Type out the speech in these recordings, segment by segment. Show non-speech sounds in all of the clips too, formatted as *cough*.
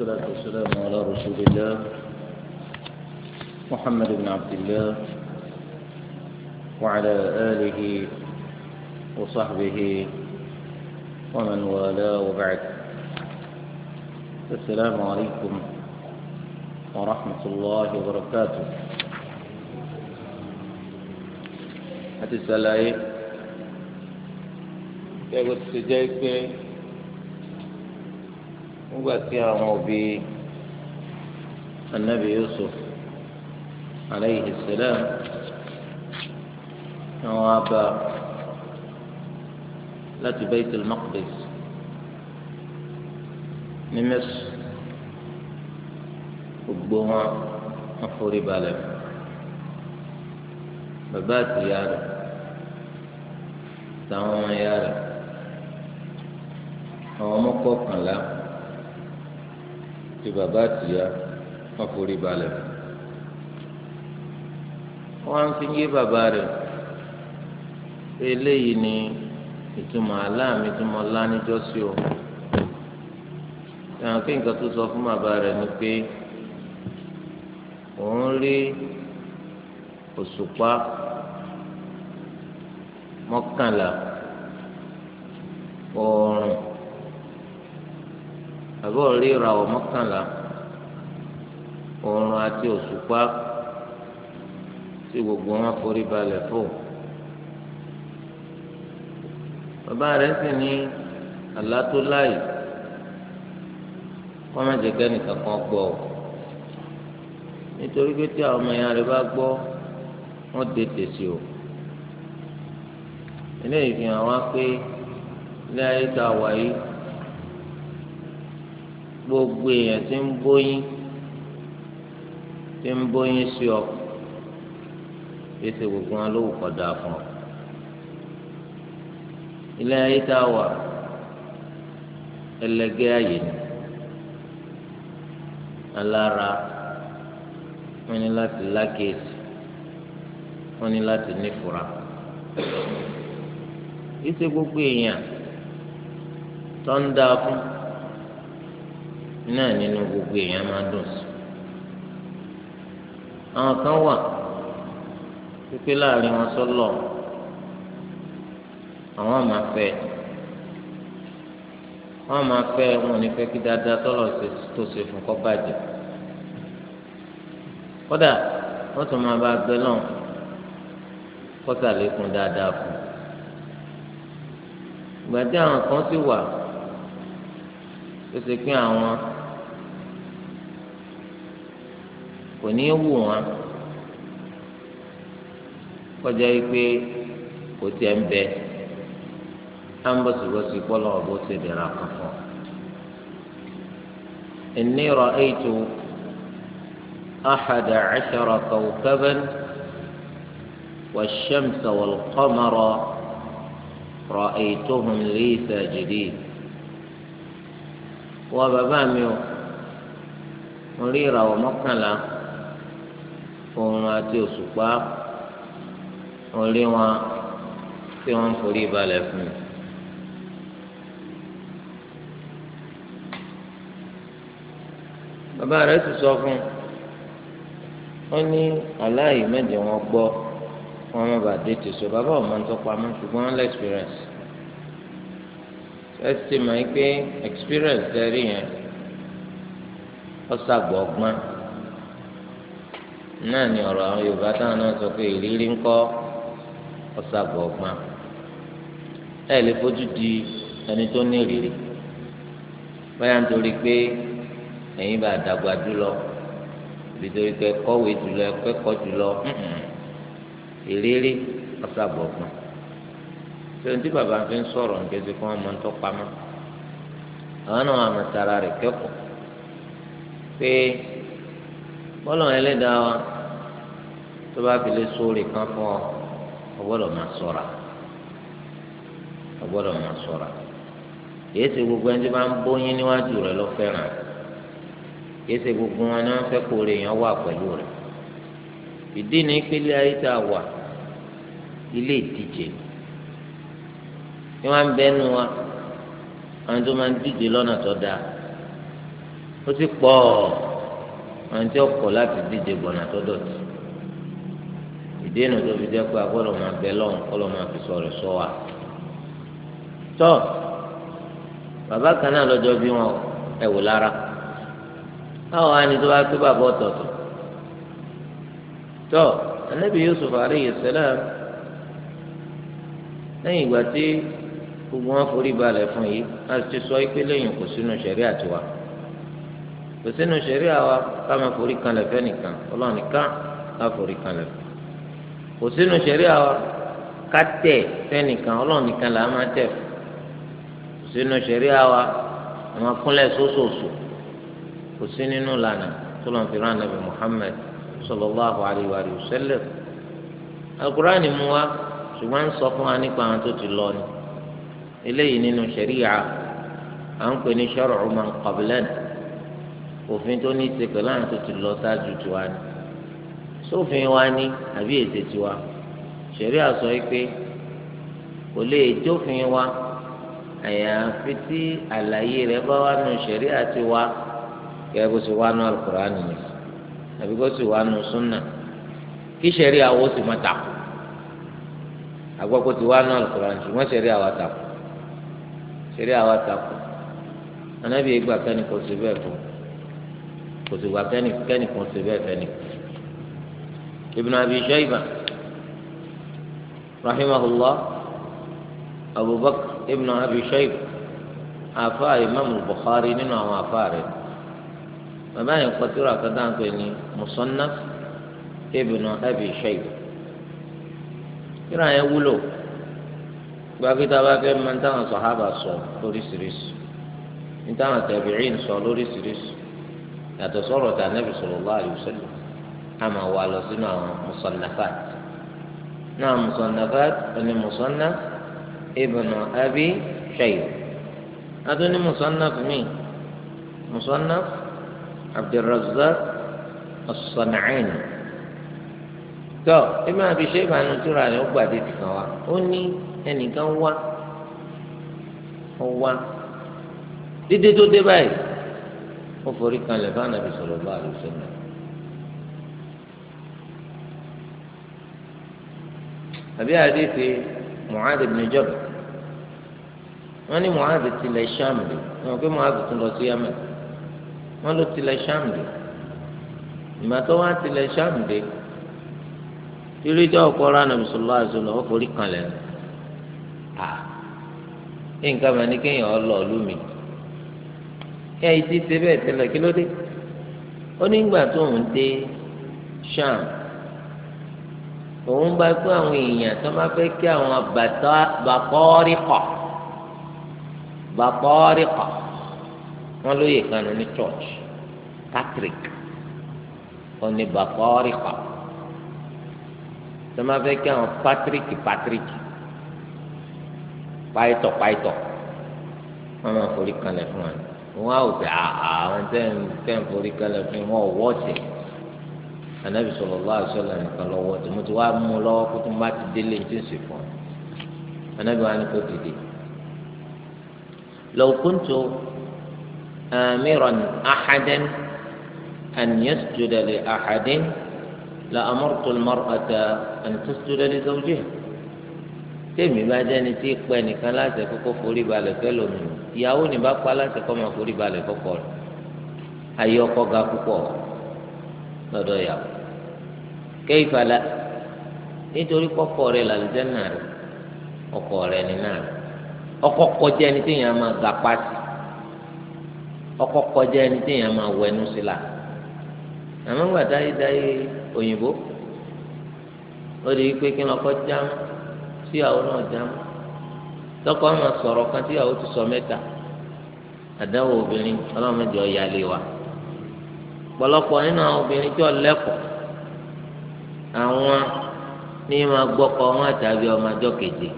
والصلاة والسلام على رسول الله محمد بن عبد الله وعلى آله وصحبه ومن والاه وبعد السلام عليكم ورحمة الله وبركاته أتسأل أيه؟ يقول سجايك nígbà tí àwọn òbí anabi yusuf aleyhi salam àwọn abá láti baitul maqdis ní mẹsù gbogbo wọn afori balẹ̀ bàbá àti ìyá rẹ̀ táwọn ọmọ ìyá rẹ̀ àwọn ọmọ kọkànlá ti bàbá àtìyá wọn forí balẹ̀ wọn fi yé bàbá rẹ eléyìí ni ìtumọ̀ aláàmì tí mo lá níjọ́ sí o ìyàwó kí nǹkan tó sọ fún bàbá rẹ ni pé òun rí òṣùpá mọ́kànlá oòrùn àbọ̀ rí ìràwọ̀ mọ́kànlá oòrùn àti òṣùpá tí gbogbo wọn forí balẹ̀ fò bàbá rẹ̀ sì ní àlá tó láì kọ́ má jẹ́ kẹ́nìkan kan gbọ́ ọ nítorí pé tí àwọn ọmọ ìyá rẹ̀ bá gbọ́ wọ́n dé tèsí o eléyìí fi hàn wá pé ilé ayé tá a gbogbo èèyàn tí ń bóyín tí ń bóyín sí ọ ètò gbogbo wọn ló wù kọjá fún ọ ilé ayé tá a wà ẹlẹgẹ́ ayé ni alára wọn ní láti lákèésì wọn ní láti nífura ètò gbogbo èèyàn tó ń dáa fún náà nínú gbogbo èèyàn máa dùn sí àwọn kan wà pípé láàrin wọn sọlọ àwọn máa fẹ́ wọn máa fẹ́ wọn ò ní fẹ́ kí dáadáa tọlọ tó ṣe fún kọ bàjẹ́ kódà wọn tún máa bá gbẹ náà kọsàlékún dáadáa fún ìgbà àwọn kan ti wà tó ṣe pé àwọn. kò ní wù wọn kọjá yìí pé kò tiẹ̀ ń bẹ á ń bọ̀sibọ̀si kpọ́lọ́ ọ̀bọ̀ ṣe dẹ̀ra kan fún ọ. إني رأيت أحد عشر كوكبا والشمس والقمر رأيتهم لي ساجدين وبابا ميو مريرة ومقنلة àti òṣùpá orí wọn tí wọ́n ń forí balẹ̀ fún mi. bàbá rẹ̀ sì sọ fún un ó ní aláì mẹ́jọ wọn gbọ́ wọn má bàa dé tòṣó bàbá ọmọ ń tọpa mọ́ ṣùgbọ́n wọn lé experience ẹ ti mọ̀ pé experience tẹ́rí yẹn ó ṣàgbọ́ ọgbọ́n. náà ni ọ̀rọ̀ àwọn yorùbá táwọn náà sọ pé ìrírí ń kọ́ ọ̀sàgbọ̀ ọ̀gbọ́n di ẹni tó ní ìrírí báyà nítorí pé ẹ̀yin bá dàgbà jùlọ nítorí pé kọ́wé jùlọ ẹ̀kọ́ jùlọ ìrírí ọ̀sàgbọ̀ ọ̀gbọ́n tí bàbá fi ń sọ̀rọ̀ nígbà tí wọ́n mọ tó pamọ́ àwọn náà bọ́lọ̀ ẹlẹ́dàá wa tó bá fi lè sóore kan fún ọ ọ gbọ́dọ̀ máa ṣọ́ra gbogbo ẹni tí bá ń níwájú rẹ lọ fẹ́ràn kìí gbogbo wọn ni wọ́n fẹ́ kó rè yàn wà pẹ̀lú rẹ ìdí ni pélé ayé tá a wà ilé ìdíje ni wa tó máa àwọn tí ó kọ̀ láti díje gbọ̀nà tó dọ̀tí ìdí ènìyàn tó fi jẹ́ pé agbọ́dọ̀ máa bẹ lọ́hùn kọ́ lọ́ máa fi sọ̀rọ̀ sọ wa. tọ́ bàbá kan náà lọ́jọ́ bí wọn ẹ̀ wò lára báwo wá ní tó bá tó bàbá ọ̀tọ̀ọ̀tọ̀ tọ́ anábì Yusuf alayhi salam lẹ́yìn ìgbà tí gbogbo wọn forí balẹ̀ fún yìí láti sọ ìpínlẹ̀ yìí kò sínú ṣẹ̀rí àtiwá. kò sínú ṣẹ̀ríà wa ká máa forí kanlẹ̀ fẹ́nìkan ọlọ́run nìkan ká forí kanlẹ̀ kò sínú ṣẹ̀ríà wa ká tẹ̀ fẹ́nìkan ọlọ́run nìkan là máa tẹ̀ kò sínú wa àwọn akúnlẹ̀ sóṣooṣù kò sí nínú lànà tó fi rán nàbì Muhammad sallallahu alayhi mu ni eléyìí nínú à ń pè ní òfin tó ní í ṣe pẹ̀lú àwọn tó ti lọ sáájú tiwa ni sófin wa ni àbí ètè tiwa ṣẹ̀rí àsọ yìí pé kò lè jófin wa àyàfi tí àlàyé rẹ̀ bá wà nù ṣẹ̀rí àti wa kẹ́ẹ́ bó ṣe wà nù Al-Qur'an nìyẹn àbí kó sì wà nù súnà kí ṣẹ̀rí àwọ̀ sì máa tàkù agbọ́kọ̀ ti wà nù Al-Qur'an ṣùgbọ́n ṣẹ̀rí àwa tàkù ṣẹ̀rí àwa tàkù ànábìyẹ gbà kẹ́ni kò sí bẹ́ẹ̀ fún un kò sì wà kẹ́nìkẹ́nì kan ṣe bẹ́ẹ̀ fẹ́ nìkan. Ibn Abi Shayba rahimahullah Abu Bakr Ibn Abi Shayba afa Imam Bukhari nínú àwọn afa rẹ̀ bàbá yẹn kọtìrọ àkàdáńpẹ ní Musannaf Ibn Abi Shayba kíra yẹn wúlò gbàgbéta bá fẹ́ máa sọ̀hábà sọ lóríṣiríṣi ń táwọn tàbíìn sọ lóríṣiríṣi yàtọ̀ sọ̀rọ̀ tà nẹ́bí sallallahu alaihi wasallam a máa wà lọ sínú àwọn musannafat náà musannafat oní musannaf ibn abi shayba adóní musannaf mi musannaf abdulrazzaq as-san'ani tọ́ ibn abi shayba ní tura ni ó gbàdé ti kàn wá ó ní ẹnìkan wá ó wá dídé tó dé báyìí ó forí kanlẹ̀ fún anabi sallallahu alaihi wasallam. àbí àdéhùn Mu'adh ibn Jabal wọ́n ní Mu'adh tilẹ̀ Ṣáàmù lè wọ́n pé Mu'adh tún lọ sí Yemen wọ́n ló tilẹ̀ Ṣáàmù lè ìmọ̀tọ́ wá tilẹ̀ Ṣáàmù lè irú ìjọ ọkọ rà nàbì sọlọ àzọlọ ó forí kanlẹ̀ nǹkan mọ̀ ní kéèyàn ọ lọ ọlú mi ẹ ti ṣe bẹ́ẹ̀ tẹ́lẹ̀ kí ló dé ó nígbà tó ń dé sham òun bá pé àwọn èèyàn tó máa fẹ́ kí àwọn bàkọ́rí kọ̀ bàkọ́rí kọ̀ wọ́n lóye kan ní church Catholic òní bàkọ́rí kọ̀ tó máa fẹ́ kí àwọn Patrick Patrick pàìtọ̀ pàìtọ̀ wọ́n máa forí kanlẹ̀ fún wa ni wọn á wò pé ah, ah, àwọn tẹ́ǹ forí kẹlẹ̀ fún wọn ò wọ́ọ̀tì anabi sallallahu alaihi wasallam nìkan lọ́wọ́ tí mo ti wá mú un lọ́wọ́ kó tó má ti délé ní tòsí fún un anabi wa ni kò dìde law kuntu amiran ahadan an yasjuda li ahadin la amartu al-mar'ata an tasjuda li zawjiha bá jẹ́ni tí pẹ́ nìkan láti ẹ̀kọ́ kó forí balẹ̀ fẹ́ lómi o. ìyàwó n'i bá pa aláṣẹ kọ́ máa forí balẹ̀ fọ́kọ rẹ̀ ayé ọkọ ga púpọ̀ lọ́dọ̀ ìyàwó kẹ́yìfà la nítorí kọ́kọ́ rẹ̀ làlùjẹ́ náà rẹ̀ ọkọ rẹ̀ ní náà rẹ̀ ọkọ kọjá ẹni tí máa ga pàṣẹ ọkọ kọjá la àmọ́ gbà dáyédáyé òyìnbó ó di pé kí ni ọkọ jámù síyàwó náà tọkọ ọmọ sọrọ kan tí ìyàwó ti sọ mẹ́ta àdáwò obìnrin ọlọ́run jọ wa pọ̀lọpọ̀ nínú àwọn obìnrin tí ọlẹ́kọ̀ọ́ àwọn ní máa gbọ́kọ wọn àtàbí ọmọ àjọ keje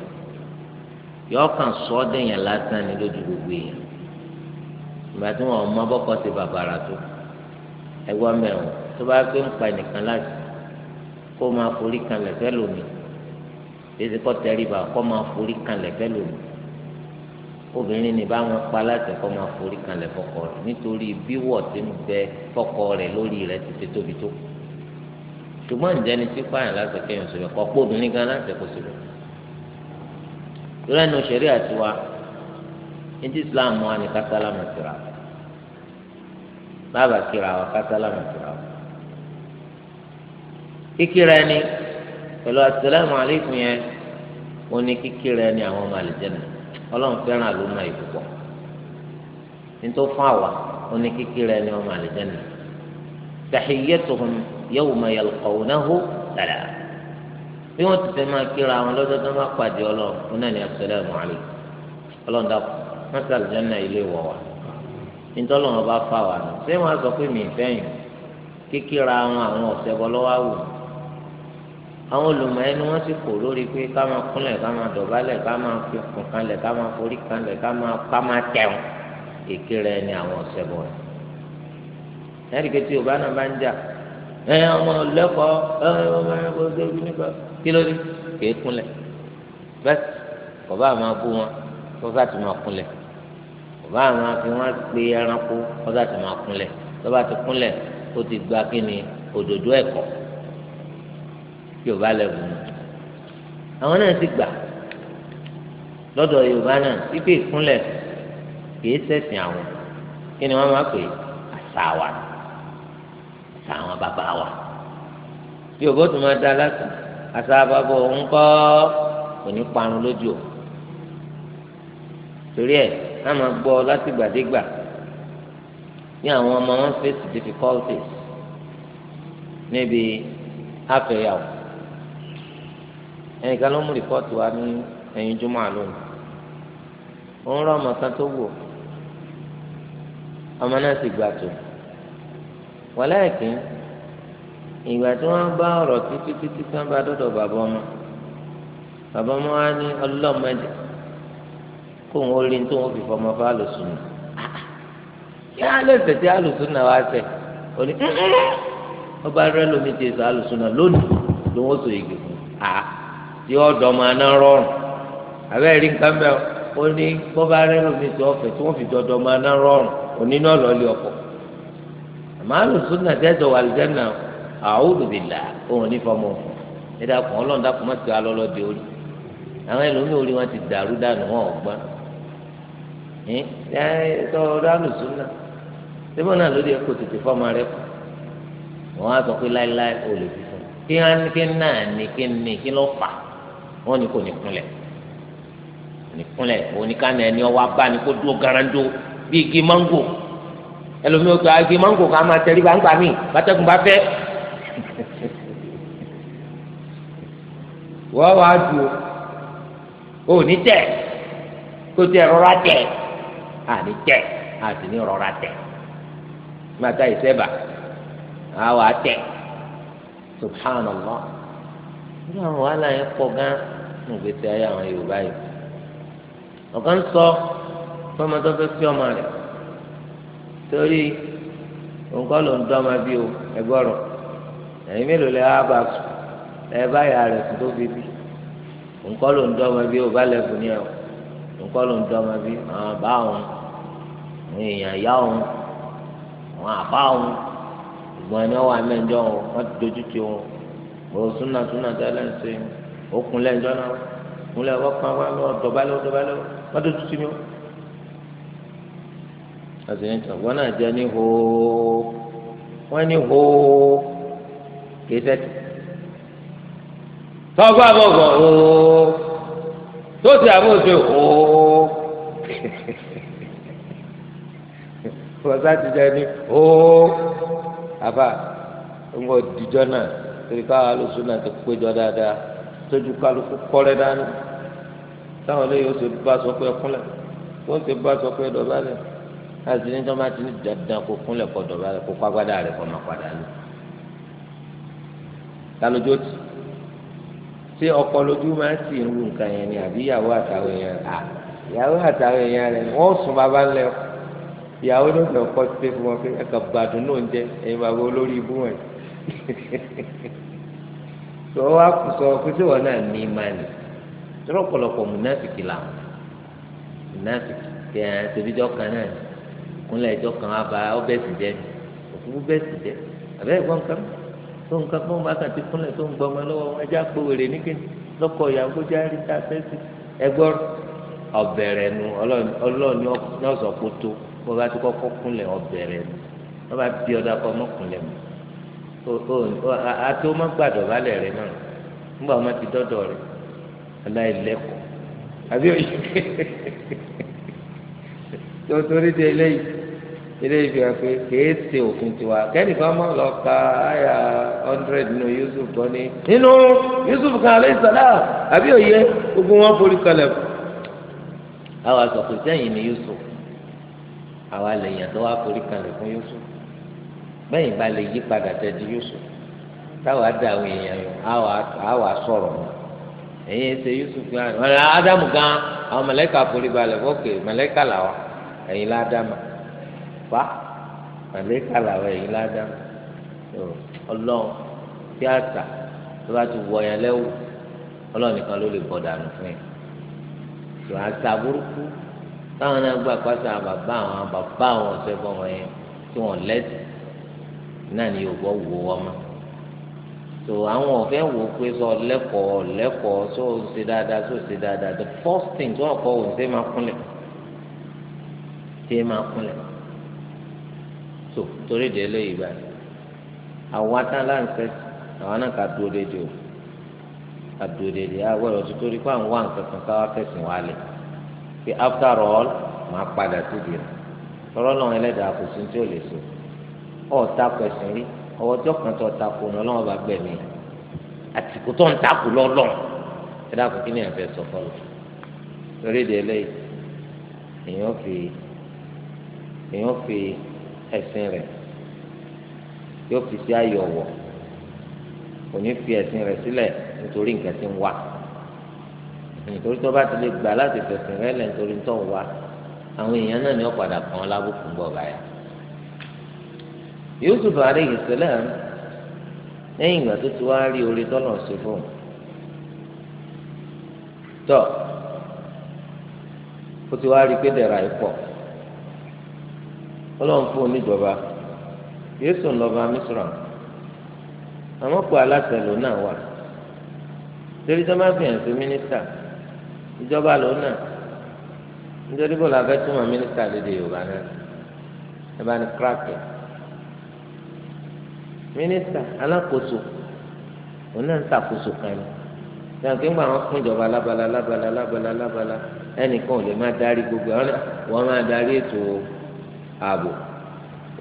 yọ kàn sọ ọ́ lásán ni lójú gbogbo èèyàn ìgbà tí wọn ọmọ bọ́kọ ti bàbàrà tó tó bá ń pa ẹnìkan láti kó máa forí kan èsì kọ́ tẹríba kọ́ máa forí kanlẹ̀ fẹ́lò mi obìnrin ní bá wọn pa láti kọ́ máa forí kanlẹ̀ fọkọ rẹ̀ nítorí bíwọ̀ tí ń bẹ fọkọ rẹ̀ lórí rẹ̀ ti ṣe tóbi tó ṣùgbọ́n ǹjẹ́ ni tí pààyàn láti kẹ́yìn sọ̀rọ̀ kọ́ pé obìnrin gan láti kó sọ̀rọ̀ lórí ẹnu òṣèré àti wa ní ti Islam wa ni kásálámù tìrà bàbá kíra wa kásálámù tìrà wa kíkíra ẹni pẹ̀lú asalaamu aleykum yẹn wọ́n ní kíkiri ẹni àwọn ọmọ àlìjẹ́nà ọlọ́run fẹ́ràn àlùmọ́ ìkúpọ̀ nítorí fún àwa wọ́n ní kíkiri ẹni ọmọ àlìjẹ́nà tahiyyatuhum yawma yalqawnahu salam bí wọ́n ti fẹ́ máa kíra àwọn lọ́dọ̀ máa pàdé ọlọ́run wọn náà ní asalaamu aleykum ọlọ́run dàpọ̀ wọ́n ti àlìjẹ́nà ilé wọ̀ wá nítorí wọn bá fà wá àwọn olùmọ̀ ẹni wọ́n sì kò lórí pé ká máa kúnlẹ̀ ká máa dọ̀bálẹ̀ ká máa fi kùn kanlẹ̀ ká máa forí kanlẹ̀ ká máa ká máa tẹ̀wọ̀n èké rẹ ni àwọn ọ̀sẹ̀ bọ̀ rẹ̀. ẹ̀rí pé tí yorùbá náà bá ń jà ẹ ọmọ lẹ́kọ̀ọ́ ẹ ọmọ ẹ̀kọ́ ṣẹ́bi nípa kí ló dé kéé kúnlẹ̀ bẹ́ẹ̀ bàbá máa bú wọn kọ́sá ti máa kúnlẹ̀ bàbá máa fi wọn pe ẹranko kọ́sá ti máa kúnlẹ̀ tó ti kúnlẹ̀ ó ti gba kí ni òdòdó ẹ̀kọ́ yorùbá lẹ́bùn ni àwọn náà ti gbà lọ́dọ̀ yorùbá náà wípé ìkúnlẹ̀ kìí ṣẹ̀sìn àwọn kí ni wọ́n máa pè àṣà wa àṣà àwọn bàbá wa yorùbá tó máa da lásán àṣà bàbá òun kọ́ òní parun lójú o torí ẹ̀ á máa gbọ́ láti gbàdégbà ní àwọn ọmọ wọn face difficulties níbi àfẹ́yàwó ẹnìkan ló mú rìpọ́ọ̀tù wa ní ẹ̀yìn júmọ́ àlónì ó ń rọ ọmọ kan tó wò ọmọ náà sì gbà tó wàláàkín ìgbà tí wọ́n bá ọ̀rọ̀ títí títí tí wọ́n bá dọ́dọ̀ bàbá ọmọ bàbá ọmọ wa ní ọlọ́mọdé kó wọn ó rí ní tó wọn fi fọmọ fún àlùsùn kí á lè tẹ̀sí náà wá sẹ̀ ó ní ọba rẹ lómi ti sọ àlùsùn náà lónìí ló wọ́n sọ ègbè fún un. Ah, tí ọ̀dọ́ máa ná rọrùn abẹ́ rí nǹkan mẹ́ ó ní bọ́bá rẹ́rù mi tó ọ̀fẹ́ tí wọ́n fi dọ́dọ́ máa ná rọrùn onínú ọ̀lọ́lẹ̀ ọ̀pọ̀ àmọ́ àlùsùn náà tẹ́jọ wà lùjẹ́ náà àwùjọ bì là òun ní fọmọ fún ẹ dàkún ọlọ́run dàkún má ti alọ́lọ́ de orí àwọn ẹlòmíì orí wọn ti dàrú dànù wọn ọ̀gbọ́n ẹ tọ́ àlùsùn náà síbò wọn ní kò ní kúnlẹ̀ ní kúnlẹ̀ oníkànnà ẹni ọwọ́ abá ni kó dúró garando bí igi máńgò ẹlòmíràn tó igi máńgò kan máa tẹrí bá ń gbà mí bàtẹ́gùn bá fẹ́ *laughs* wọ́n wá ju o ní tẹ̀ kó tẹ rọra tẹ̀ àní tẹ̀ àti ní rọra tẹ̀ gbàtà ìsẹ́bà àwa tẹ̀ subhanallah nínú àwọn wàhálà yẹn pọ̀ gan ní ìgbésí ayé àwọn Yorùbá yìí ọ̀kan sọ fọmọ tó fẹ́ fi ọmọ rẹ̀ torí nǹkan ló ń dọ́mọ bí o ẹgbọ́rọ̀ ẹ̀yin mélòó lè wá bá sùn ẹ bá yà rẹ̀ sùn tó fi bí nǹkan ló ń dọ́mọ bí o bá lẹ́kùn ní ẹ̀ nǹkan ló ń dọ́mọ bí àwọn bá òun àwọn èèyàn yá òun àwọn àbá òun ìgbọ̀n ni wà mẹ́jọ òun wọ́n ti dojú òun bọ̀ súnà súnà tí a lè o ṣe òkun lẹ́yìn jọ́nà òkun lẹ́yìn wọ́n pọn wọn lọ́wọ́ dọ̀bálẹ̀ dọ̀bálẹ̀ wọ́n tó tutù mi o àti ní ìtàn wọn náà jẹ ní hóó wọn ní hóó kìí tẹ́tí. tọ́gbà bọ̀bọ̀ hóó tó ti àbò ṣe hóó. wọ́n sá ti jẹ ní hóó àbá ń bọ̀ dìjọ́ náà torí káwọn alùsùn náà ti péjọ dáadáa tójú kálukú kọ́lẹ́ dání táwọn eléyìí ó ti bá sọ pé ẹkúnlẹ̀ ó ti bá sọ pé dọ̀bálẹ̀ láti ní tọ́mà ti ní dandan kó kúnlẹ̀ kó dọ̀bálẹ̀ kó pàgbádá rẹ̀ kó máa padà lé kálójú tì ṣé ọkọ lójú máa ń sì ń wù nǹkan yẹn ni àbí ìyàwó àtàwọn èèyàn rẹ̀ à ìyàwó àtàwọn èèyàn rẹ̀ wọ́n sùn bàbá lẹ̀ ìyàwó ló fẹ́ kọ́ sí fún wọn pé ẹ̀ka gbàdúrà náà ẹ̀yin bàbá olórí ibú wọn yìí. *laughs* sọ wá kù sọ pé tí wọn náà ní máa nì tọrọ pọ̀lọpọ̀ múnáfìkì làwọn múnáfìkì kẹ ẹ tẹbíjọ kan náà ní kúnlẹ̀ ẹjọ́ kan á ba ọbẹ̀ sì jẹ òkú bẹ́ẹ̀ sì jẹ àbẹ́ ẹ̀gbọ́n nǹkan tó nǹkan fún bá kàn ti kúnlẹ̀ tó ń gbọ́ ọmọ lọ́wọ́ wọn ajá pé wèrè nígbè lọ́kọ̀ ìyàwó járí tá a fẹ́ sí ẹgbọ́n ọbẹ̀rẹ̀ nu ọlọ́ọ̀ni ọ̀sọ̀ kótó bó bá ti kọ́kọ́ kúnlẹ̀ ọbẹ̀rẹ̀ nu wọ́n bá bí ọ̀dà kọ́ mọ́kúnlẹ̀ mọ́. àti o má gbàdọ̀ balẹ̀ rẹ náà nígbà wọn ti dọ́dọ̀ rẹ aláìlẹ́kọ̀ọ́ àbí òye *laughs* tó torí de eléyìí eléyìí fi hàn pé kèé ṣe òfin tiwa kẹ́nìkan máa lọ ka àyà hundred nínú Yusuf nínú Yusuf kan alẹ́ sàlá àbí òye gbogbo wọn forí kalẹ̀ àwọn àtọ̀kùn sẹ́yìn ni Yusuf àwọn àlẹ́yìn àtọ́wà forí kalẹ̀ fún Yusuf. bẹ́yìn bá lè yí padà tẹ́tí Yusuf táwa dá àwọn èèyàn yọ àwa sọ̀rọ̀ mọ́ ẹ̀yin ṣe Yusuf gan ọ̀rẹ́ Ádámù gan àwọn mẹ̀lẹ́kà forí balẹ̀ fọ́kè mẹ̀lẹ́kà làwà ẹ̀yin ládàmà fa mẹ̀lẹ́kà làwà ẹ̀yin ládàmà ọlọ́run tí a tà tó bá ti wọ ọyàn lẹ́wù ọlọ́run nìkan ló lè bọ̀ dànù fún yẹn tó àṣà burúkú táwọn náà gbà pàṣẹ àwọn àwọn bàbá àwọn ọ̀sẹ̀ bọ̀ wọ̀nyẹn tí wọ́n lẹ́sìn náà ni Yorùbá wò ọmọ so àwọn ọ̀fẹ́ wò pé sọ lẹ́kọ̀ọ́ lẹ́kọ̀ọ́ sọ ò dáadáa sọ ò dáadáa the first thing tó ọkọ̀ wò ṣe máa kúnlẹ̀ ṣe máa kúnlẹ̀ so torí ìdí eléyìí báyìí àwọn atáláńsẹ́ àwọn náà ká dúró dédé o ká dúró dédé agbọ́dọ̀ tó torí pé àwọn wà nǹkan káwá fẹ̀sìn wálẹ̀ pé after all máa padà síbi rẹ̀ tọ́rọ́ náà ẹlẹ́dàá kò sí ní tí ò lè So ọ̀ọ́ta kò ẹ̀sìn rí ọwọ́ tí ọkàn tó ọ̀ta kò ní ọlọ́wọ́ bá gbẹ̀mí àtìkù tó ń ta kù lọ́lọ́n ẹ dákun kí ni ẹ̀fẹ́ sọ fọlọ́ lórí ìdè eléyìí èèyàn fi èèyàn fi ẹ̀sìn rẹ̀ yóò fi sí ayọ̀ wọ̀ kò ní fi ẹ̀sìn rẹ̀ sílẹ̀ nítorí nǹkan tí ń wá nítorí tó bá ti lè gbà láti fẹ̀sìn rẹ̀ lẹ̀ nítorí tó ń wá àwọn èèyàn náà ni ó padà kàn án lábùkù bọ̀ báyìí. Yusuf aleyhi salam lẹ́yìn ìgbà tó ti wá rí orí tọ́lọ̀ sí fún un ó ti wá rí pé dẹ̀ra ìpọ̀ ọlọ́run fún oníjọba Yéṣu ńlọba Mísírà àwọn kò aláṣẹ náà wà torí tó sí mínísítà mínísítà Alakoso, òun náà ń ṣàkóso kan ni yàrá kí gbà wọn fún ìjọba ẹnìkan ò lè má darí gbogbo àwọn wọn ma darí ètò ààbò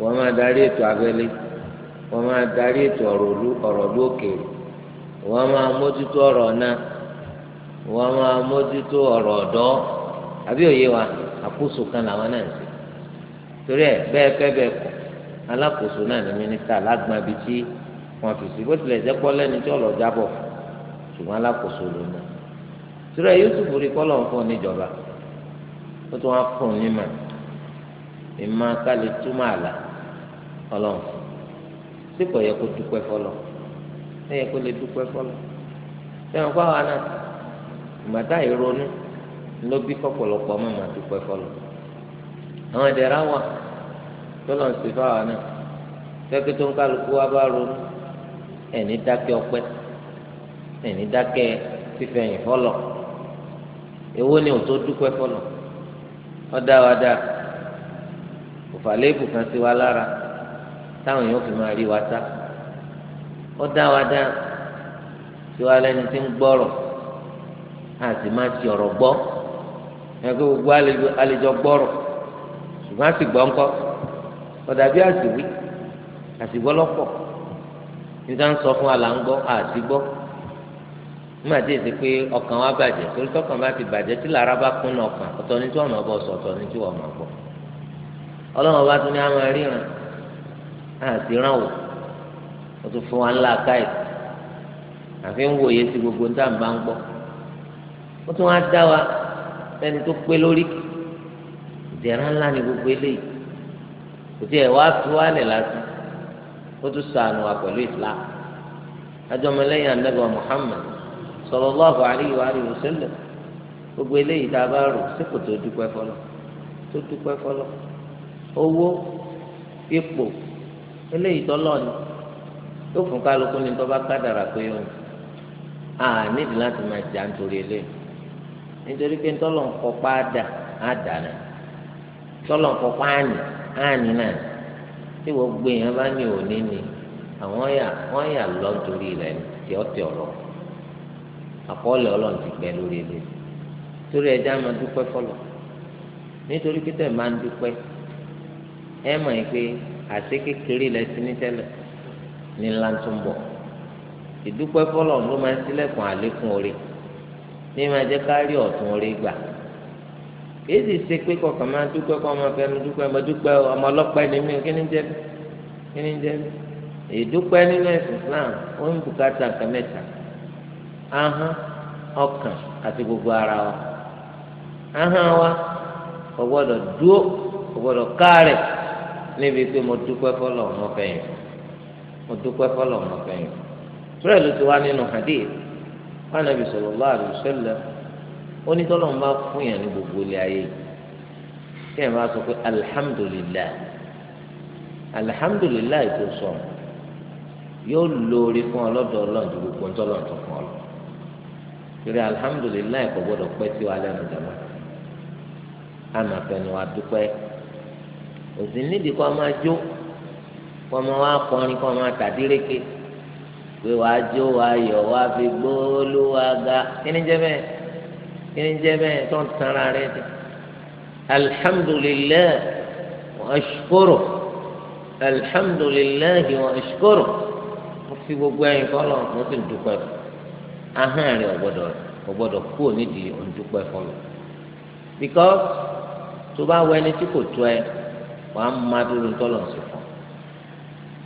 wọn ma darí ètò abẹ́lé wọn ma darí ètò ọ̀rọ̀ ìlú òkèèrè wọn ma mójútó wọn mójútó ọ̀dọ́ àbí òye wa kan làwọn náà ń alákòóso náà ní mínísítà lágbọ́n ibi tí wọ́n fi sí bó tilẹ̀ jẹ́ pọ́ lẹ́ni tí ọ̀lọ́ jábọ̀ ṣùgbọ́n alákòóso ló ná sùrẹ́ Yusuf rí kọ́ lọ́n fún níjọba ó tún wá fún un nímọ̀ ìmọ̀ kálí túmọ̀ àlà ọlọ́run sí kò yẹ kó dúpẹ́ fọlọ́ ẹ yẹ kó lè dúpẹ́ fọlọ́ sẹ́wọ̀n kọ́ àwọn náà ìgbàdá ìrònú ló bí kọ́pọ̀lọpọ̀ mọ̀ máa dúpẹ́ fọlọ́ àwọn ìdẹ̀ra wà tọ́lọ̀ ń ṣe fáwọn náà kẹ́kẹ́ tó ń kálukú wa bá ronú ẹ̀ní dákẹ́ ọpẹ́ ẹ̀ní dákẹ́ fífẹ̀yìn fọlọ̀ èwo ni ò tó dúpẹ́ fọlọ̀ ọ̀dà wa dà òfàlẹ́bù kan sí wa lára táwọn èèyàn fi máa rí wa sá ọ̀dà wa dà sí wa lẹ́ni tí ń gbọ́rọ̀ a sì máa ti ọ̀rọ̀ gbọ́ ẹ̀kọ́ gbogbo àlejò gbọ́rọ̀ ṣùgbọ́n a sì gbọ́ ńkọ́ ọ̀dà bí àsìwí àsìgbọ́ lọ́pọ̀ níta ń sọ fún wa là ń gbọ́ àsìgbọ́ nígbà tí èsì pé ọkàn wa bàjẹ́ torí tọkàn bá ti bàjẹ́ tí làrá bá kún náà ọkàn ọ̀tọ̀ ní tí wọ́n máa bọ̀ sọ ọ̀tọ̀ ní tí wọ́n máa bọ̀ ọlọ́run bá tún ní àwọn ríran àti ràn wò ó tún fún wa ńlá káyì àfi ń wòye sí gbogbo ní táwọn bá ń gbọ́ ó tún wá dá wa lẹ́ni tó pé lórí ìdẹ̀ra ńlá ni gbogbo eléyìí òtí ya wá tú wá lè lásán ó tún sànù wa pẹ̀lú islam adọ́mọlẹ́yìn anábọ̀ muhammed sallallahu wa gbogbo eléyìí tá a bá rò sípò tó dúpẹ́ fọlọ́ tó dúpẹ́ fọlọ́ owó ipò eléyìí tọ́lọ́ ni tó fún kálukú ni tó bá kádàrà pé ó ní à láti máa jà nítorí eléyìí nítorí pé náà áàní náà tí wọ́n gbé yẹn bá ní òní ni àwọn yà wọ́n yà lọ torí rẹ̀ tí ó tẹ̀ ọ̀rọ̀ àkọọ́lẹ̀ ọlọ́run ti gbẹ lórí ilé torí ẹja máa dúpẹ́ fọlọ̀ nítorí pé tẹ̀ máa ń dúpẹ́ ẹ mọ̀ ẹ́ pé àṣẹ kékeré lẹ sí ní tẹ́lẹ̀ ní ńlá ìdúpẹ́ fọlọ̀ ló máa ń ṣílẹ̀kùn àlékún orí ní máa jẹ́ ká rí ọ̀tún orí gbà èyí ṣe pé kọkàn máa dúpẹ́ kọ́ máa fẹ́ mi dúpẹ́ mo dúpẹ́ ọmọ ọlọ́pẹ́ ni mí kí ni jẹ́ kí ni jẹ́ ìdúpẹ́ nínú ẹ̀sìn Islam ó ń bùkátà nǹkan mẹ́ta ahọ́n ọkàn àti gbogbo ara wa ahọ́n wa kò gbọ́dọ̀ dúó kò gbọ́dọ̀ káàrẹ̀ níbi pé mo dúpẹ́ fọlọ́ ọmọ fẹ́yìn mo dúpẹ́ fọlọ́ ọmọ fẹ́yìn túrẹ̀ ti wá nínú hadith wa Nabi sallallahu alaihi ó ní tọ́lọ́ ń bá fún yàn ní gbogbo ilé ayé tí yàn bá sọ pé alihamudulilayi alihamudulilayi tó sọ yóò lóore fún ọlọ́dọ̀ ọlọ́run ju gbogbo ń tọ́lọ́ tó fún ọ lọ torí alihamudulilayi kò gbọdọ̀ pẹ́ tí wàá lẹ́nu dàmọ́ àmà fẹnu adúpẹ́ òsì nídìí kó máa jó kó máa wá kọrin kó máa tàdíréke pé wàá jó wàá yọ̀ wàá fi gbóòlù wàá ga kí ni jẹ́ bẹ́ẹ̀ kí ni jẹ́ bẹ́ẹ̀ tó ń tanra rẹ jẹ alhamdulilayi wa ashukuru alhamdulilayi wa ashukuru mo fi gbogbo ẹyin kọlọ mo ti dúpẹ́ ahọ́n rẹ ọ̀gbọ́dọ̀ ọ̀gbọ́dọ̀ kúrò nídìí òǹdúpẹ́ fọlọ because tó bá wọ ẹni tí kò tó ẹ wà á má dúró tọ́lọ̀ sí fún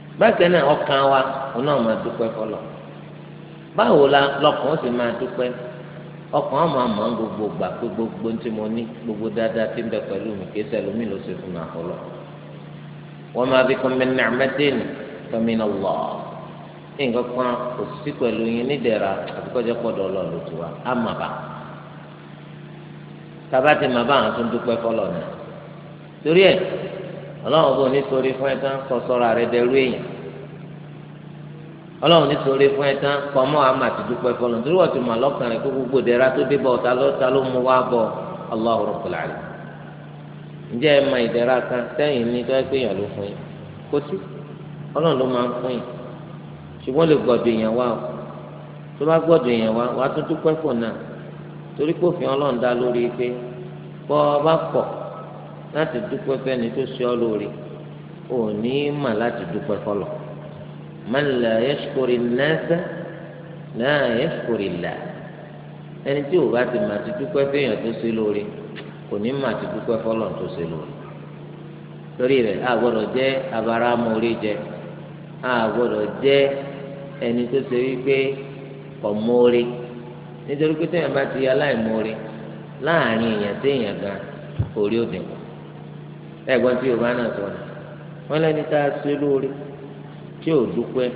un bákan náà ọkàn wa òun náà máa dúpẹ́ fọlọ báwo la lọkàn ó sì máa dúpẹ́ fọlọ ọkàn àmọ́ àmọ́ gbogbo gbà pé gbogbo tí mo ní gbogbo dáadáa tí ń bẹ pẹ̀lú mi kì í ṣe ẹlòmíì ló ṣe fún mi àkọlọ. wa ma bikum min ni'matin famin Allah nǹkan kan kò sí pẹ̀lú yín nídẹ̀ra àtikọ́jọ́ pọ̀dọ̀ lọ lòtù wa á mà bá tábà tí mà bá àwọn tó ń dúpẹ́ fọlọ́ torí ẹ̀ ọlọ́run bò ní sórí fún ẹ tán kọ́ sọ́ra rẹ dẹrú èèyàn ọlọ́run ní sọ̀rọ̀ fún ẹ tán kọ́mọ́ àmà ti dúpẹ́ fọlọ́n torí wọ́n ti mọ̀ lọ́kàn rẹ̀ kó gbogbo dẹ́ra tó dé bọ̀ ọ̀tá lọ́ta ló mú wá bọ̀ Allahu Rabbul Alamin. ǹjẹ́ ẹ mọ ìdẹ́ra kan sẹ́yìn ní tó ẹ pé èèyàn ló fún yín kó sí ọlọ́run ló máa ń fún yín ṣùgbọ́n lè gbọ́dọ̀ èèyàn wá o tó bá gbọ́dọ̀ èèyàn wá wàá tún dúpẹ́ fò náà torí pé òfin ọlọ́run dá lórí pé bọ́ ọ bá pọ̀ láti dúpẹ́ fẹ́ni tó ṣe ọ lóore ò ní mà láti dúpẹ́ fọlọ́ọ̀ man لا يشكر nasa لا يشكر الله. ẹni tí ò bá ti mà ti dúpẹ́ fẹ́yàn tó ṣe lóore kò ní mà ti dúpẹ́ fọlọ́n tó ṣe lóore torí rẹ̀ a gbọ́dọ̀ jẹ́ abáramọ̀rí jẹ a gbọ́dọ̀ jẹ́ ẹni tó ṣe wípé ọ̀mọ́rí nítorí pé téèyàn bá ti aláìmọ́rí láàrin èèyàn téèyàn gan orí òdìbò ẹ̀gbọ́n tí yorùbá náà sọ wọ́n lẹ́ni tá a ṣe lóore tí o dúpẹ́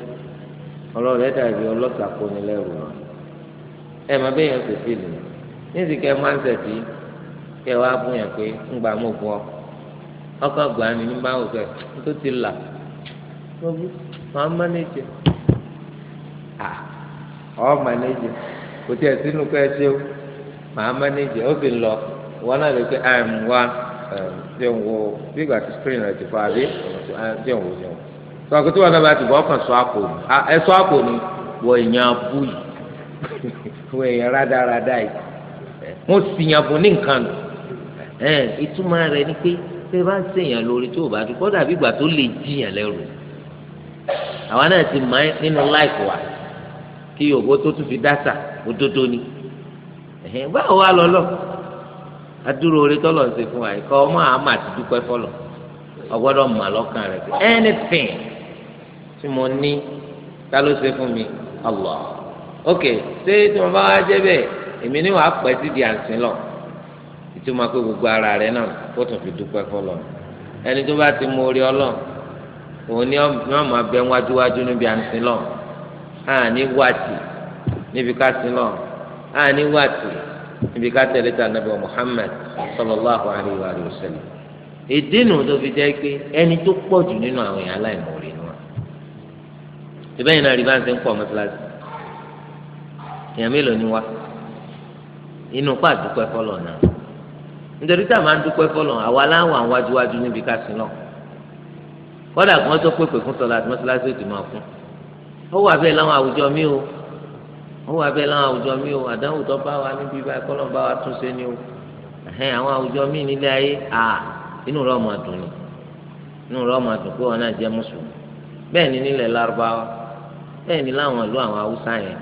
ọlọ́rẹ̀ dàbí ọlọ́sàkóni lẹ́rù wọn ẹ má bẹ́ẹ̀ yẹn tètè lò níbi kẹ máa ń tẹ̀sí kẹ wá fún yẹn pé ń gbà mú fún ọ ọkọ̀ gbà ní ní wò kẹ tó ti là ọ mánéjì kò tí ẹ sínú kọ ẹ ṣe o máa mánéjì lọ wọn náà lè pe àìmù wa ṣe ń wo bí ìgbà tí screen rẹ ti sọ àkótí wọn náà bá ti bọ́ ọkàn sọ àpò ni ẹ sọ àpò ni wọ èèyàn abú yìí *laughs* wọ èèyàn rádaràda yìí wọn sì yàn bù ní nǹkan nù ìtumọ̀ ni pé pé bá ń ṣèyàn lórí tó o bá dúpọ́ dàbí ìgbà tó lè jiyàn lẹ́rù àwa náà ti mọ̀ life nínú láìpù wa kí yòówó tó tún fi dáṣà òdodo ni báwo wá lọ lọ adúrò orí tọ́lọ̀ ń ṣe fún wa ẹ̀kọ́ ọmọ àmà ti dúpẹ́ anything. tí mo ní ta ló ṣe fún mi Allah ok ṣé tí mo bá wá jẹ́ bẹ́ẹ̀ èmi ni wàá pẹ́ sí di àǹsìn lọ ìtumọ̀ pé gbogbo ara rẹ náà ó tún fi dúpẹ́ fọlọ ẹni tó bá ti mú orí ọlọ òun ni wọn máa bẹ wájúwájú níbi àǹsìn lọ àní wàtì níbi ká sin lọ àní wàtì níbi ká tẹ̀lé ta nàbẹ Muhammad sallallahu alayhi wa sallam ìdí nu tó fi jẹ́ pé ẹni tó pọ̀ jù nínú àwọn èèyàn aláìmọ̀ rí ìbẹ́yìn náà rí bá ń ṣe ń pọ̀ mọ́sálásí èèyàn mélòó ni wá inú pa àdúpẹ́ fọlọ̀ náà nítorí tá a máa ń dúpẹ́ fọlọ̀ àwa láwọn àwọn wájúwájú níbi ká sí náà kọ́dà kí wọ́n tó pèpè fún sọlá àti mọ́sálásí òtún máa fún ó wà bẹ́ẹ̀ láwọn àwùjọ mi o ó wà bẹ́ẹ̀ láwọn àwùjọ mi o àdánwò tó bá wa níbi báyìí kọ́ bá wa tún ṣe ni o ẹ̀hẹ́n àwọn àwùjọ mi nílé ayé à inú rọ́ọ̀mù àdùn ni inú rọ́ọ̀mù àdùn pé wọn náà jẹ́ mùsùlùmí bẹ́ẹ̀ ni nílẹ̀ lárúbáwá bẹ́ẹ̀ ni láwọn ìlú àwọn haúsá yẹn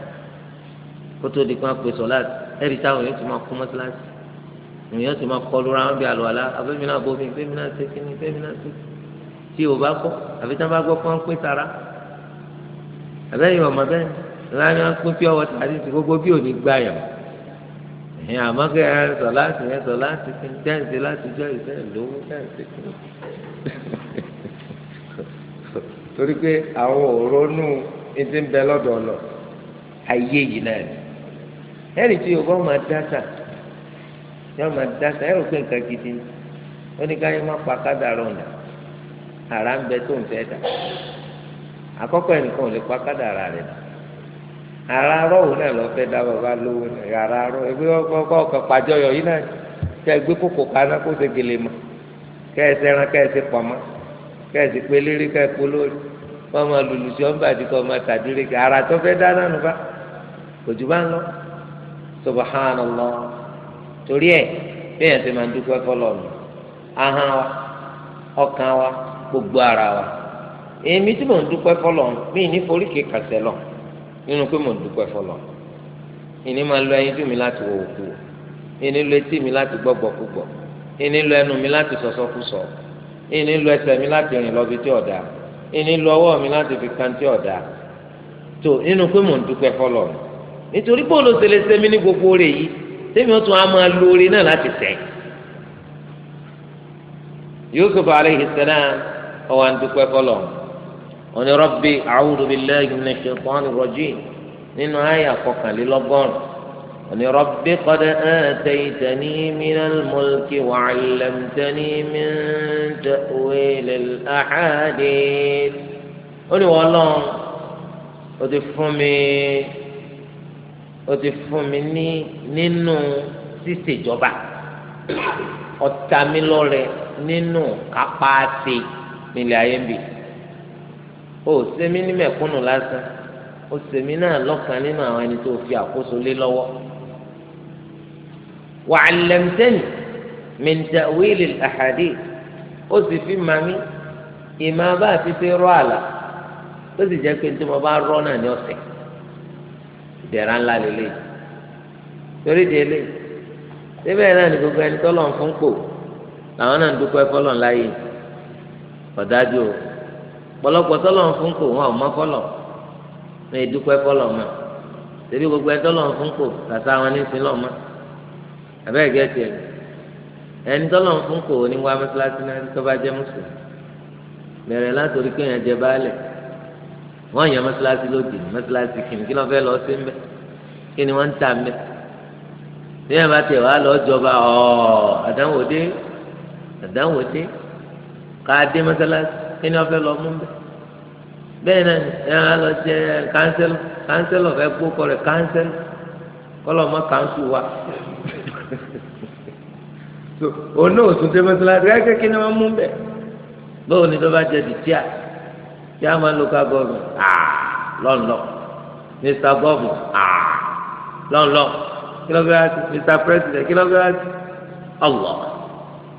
kó tó di kó wọn pe sọláàtì ẹ̀rí táwọn yóò ti máa kó mọ́sálásì èèyàn ti máa kọ́ lóra wọn bí àlùwàlá abẹ́mi náà bomi abẹ́mi náà sékìní abẹ́mi náà sékìní tí o bá kọ́ àbí tí wọ́n bá gbọ́ kó wọ́n pé tara àbẹ́yìn ọmọ bẹ́ẹ̀ ńlá ni wọ́n pín pí ọwọ́ tàbí ti gbogbo bí òní gbà yàn ẹ̀yìn àmọ́ kẹ́ ẹ sọ láti ẹ sọ láti kí n tẹ́ǹsì láti jọ ìfẹ́ torí pé àwọn òrónú ètò ń bẹ lọ́dọ̀ ọ̀lọ́ ayé yìí náà ni tí yorùbá máa dáta yóò máa dáta ẹ̀rù pé nǹkan gidi ni oníkàyé má pa kádàrá ọ̀nà àrà ń bẹ tó ń fẹ́ dà àkọ́kọ́ ẹnìkan ò lè pa òun náà lọ́ọ́ fẹ́ dá bàbá lówó ẹgbẹ́ ọkọ̀ ọkọ̀ yìí náà kẹ́ ẹ gbé kókò kaná kó ṣe gèlè mọ́ kẹ́ ẹ sẹ́ran kẹ́ ẹ pọ̀ mọ́ kẹ́ ẹ pé wọn máa lùlù sí ọmọ àti kọ máa tàdúrà kí ara tó fẹ́ dá nánu bá kò bá ń lọ subhanallah torí ẹ bẹ́ẹ̀ ṣe máa ń dúpẹ́ fọlọ́ọ̀nù ahọ́n wa ọkàn wa gbogbo ara wa èmi tí mò ń dúpẹ́ fọlọ́ọ̀nù mí ní forí kì í kàṣẹ lọ nínú pé mò ń dúpẹ́ fọlọ́ọ̀nù ìní máa lo ẹyin dùn mí láti wò òkú ìní lo etí mi láti gbọ́gbọ́ kúgbọ́ ìní lo ẹnu mi láti sọ̀sọ́ kú sọ ìní lo ẹsẹ̀ mi láti rìn lọ bí tí ọ̀dà. ìní lu ọwọ́ mi láti fi kan ọ̀dà tó nínú pé mò ń dúpẹ́ fọlọ́ nítorí pé olóṣèlésẹ́ mi ní gbogbo rẹ̀ yìí tèmi ó tún á máa lu orin náà láti tẹ̀ Yusuf alayhi salam ọwọ́ ń dúpẹ́ fọlọ́ ọ̀nà rọ́bì a'udhu أن رب قد آتيتني من الملك وعلمتني من تأويل الأحاديث قولي والله وتفهمي وتفهمي ننو سيسجوبا ọtami lọrẹ nínú kápáàtì nílẹ̀ ayé ń bì ó sẹmi ní mẹ̀kúnnù lásán ó sẹmi náà lọ́kàn nínú àwọn ẹni tó fi àkóso lé lọ́wọ́. وعلمتني من تأويل الأحاديث أوسي في مامي إما باتي في روالا أوسي جاك أنت مبارونا نيوسي ديران لا للي torí délé síbẹ̀ náà ni gbogbo ẹni tọ́lọ̀ ń fún kò làwọn náà ń dúpẹ́ fọlọ̀ láàyè ọ̀dájú o pọ̀lọpọ̀ tọ́lọ̀ ń fún kò wọn ò mọ fọlọ̀ ní ìdúpẹ́ fọlọ̀ mọ́ síbi gbogbo ẹni tọ́lọ̀ ń fún kò tàtà wọn ní sílọ̀ mọ́ abẹ́rẹ́ gẹ́tì ẹ̀ ẹni tọ́lọ̀ ń fún kò ní wá mọ́sálásí náà tó bá jẹ́ mùsùlùmí bẹ̀rẹ̀ látòrí pé èèyàn jẹ baálẹ̀ wọ́n yàn mọ́sálásí lóde mọ́sálásí kìnnì kí wọ́n fẹ́ lọ sí mbẹ́ kí ni wọ́n ń ta mbẹ́ bí wọ́n bá tẹ̀ wá lọ jọba ọ̀ọ́ àdánwò dé àdánwò dé ká dé mọ́sálásí kí ni wọ́n fẹ́ lọ mú mbẹ́ bẹ́ẹ̀ náà ẹ̀ á lọ jẹ kánsẹ́lọ̀ kánsẹ́lọ̀ *laughs* so òun náà sùn tẹ́ mọ́sálásí rẹ́ kékeré ni wọ́n mú bẹ́ẹ̀ báwo ni tó bá jẹ dìtíà tí a máa ń lo ká gọ́ọ̀mù lọ́nlọ́ mr gọ́ọ̀mù lọ́nlọ́ kílógírátì mr president kílógírátì ọ̀lọ́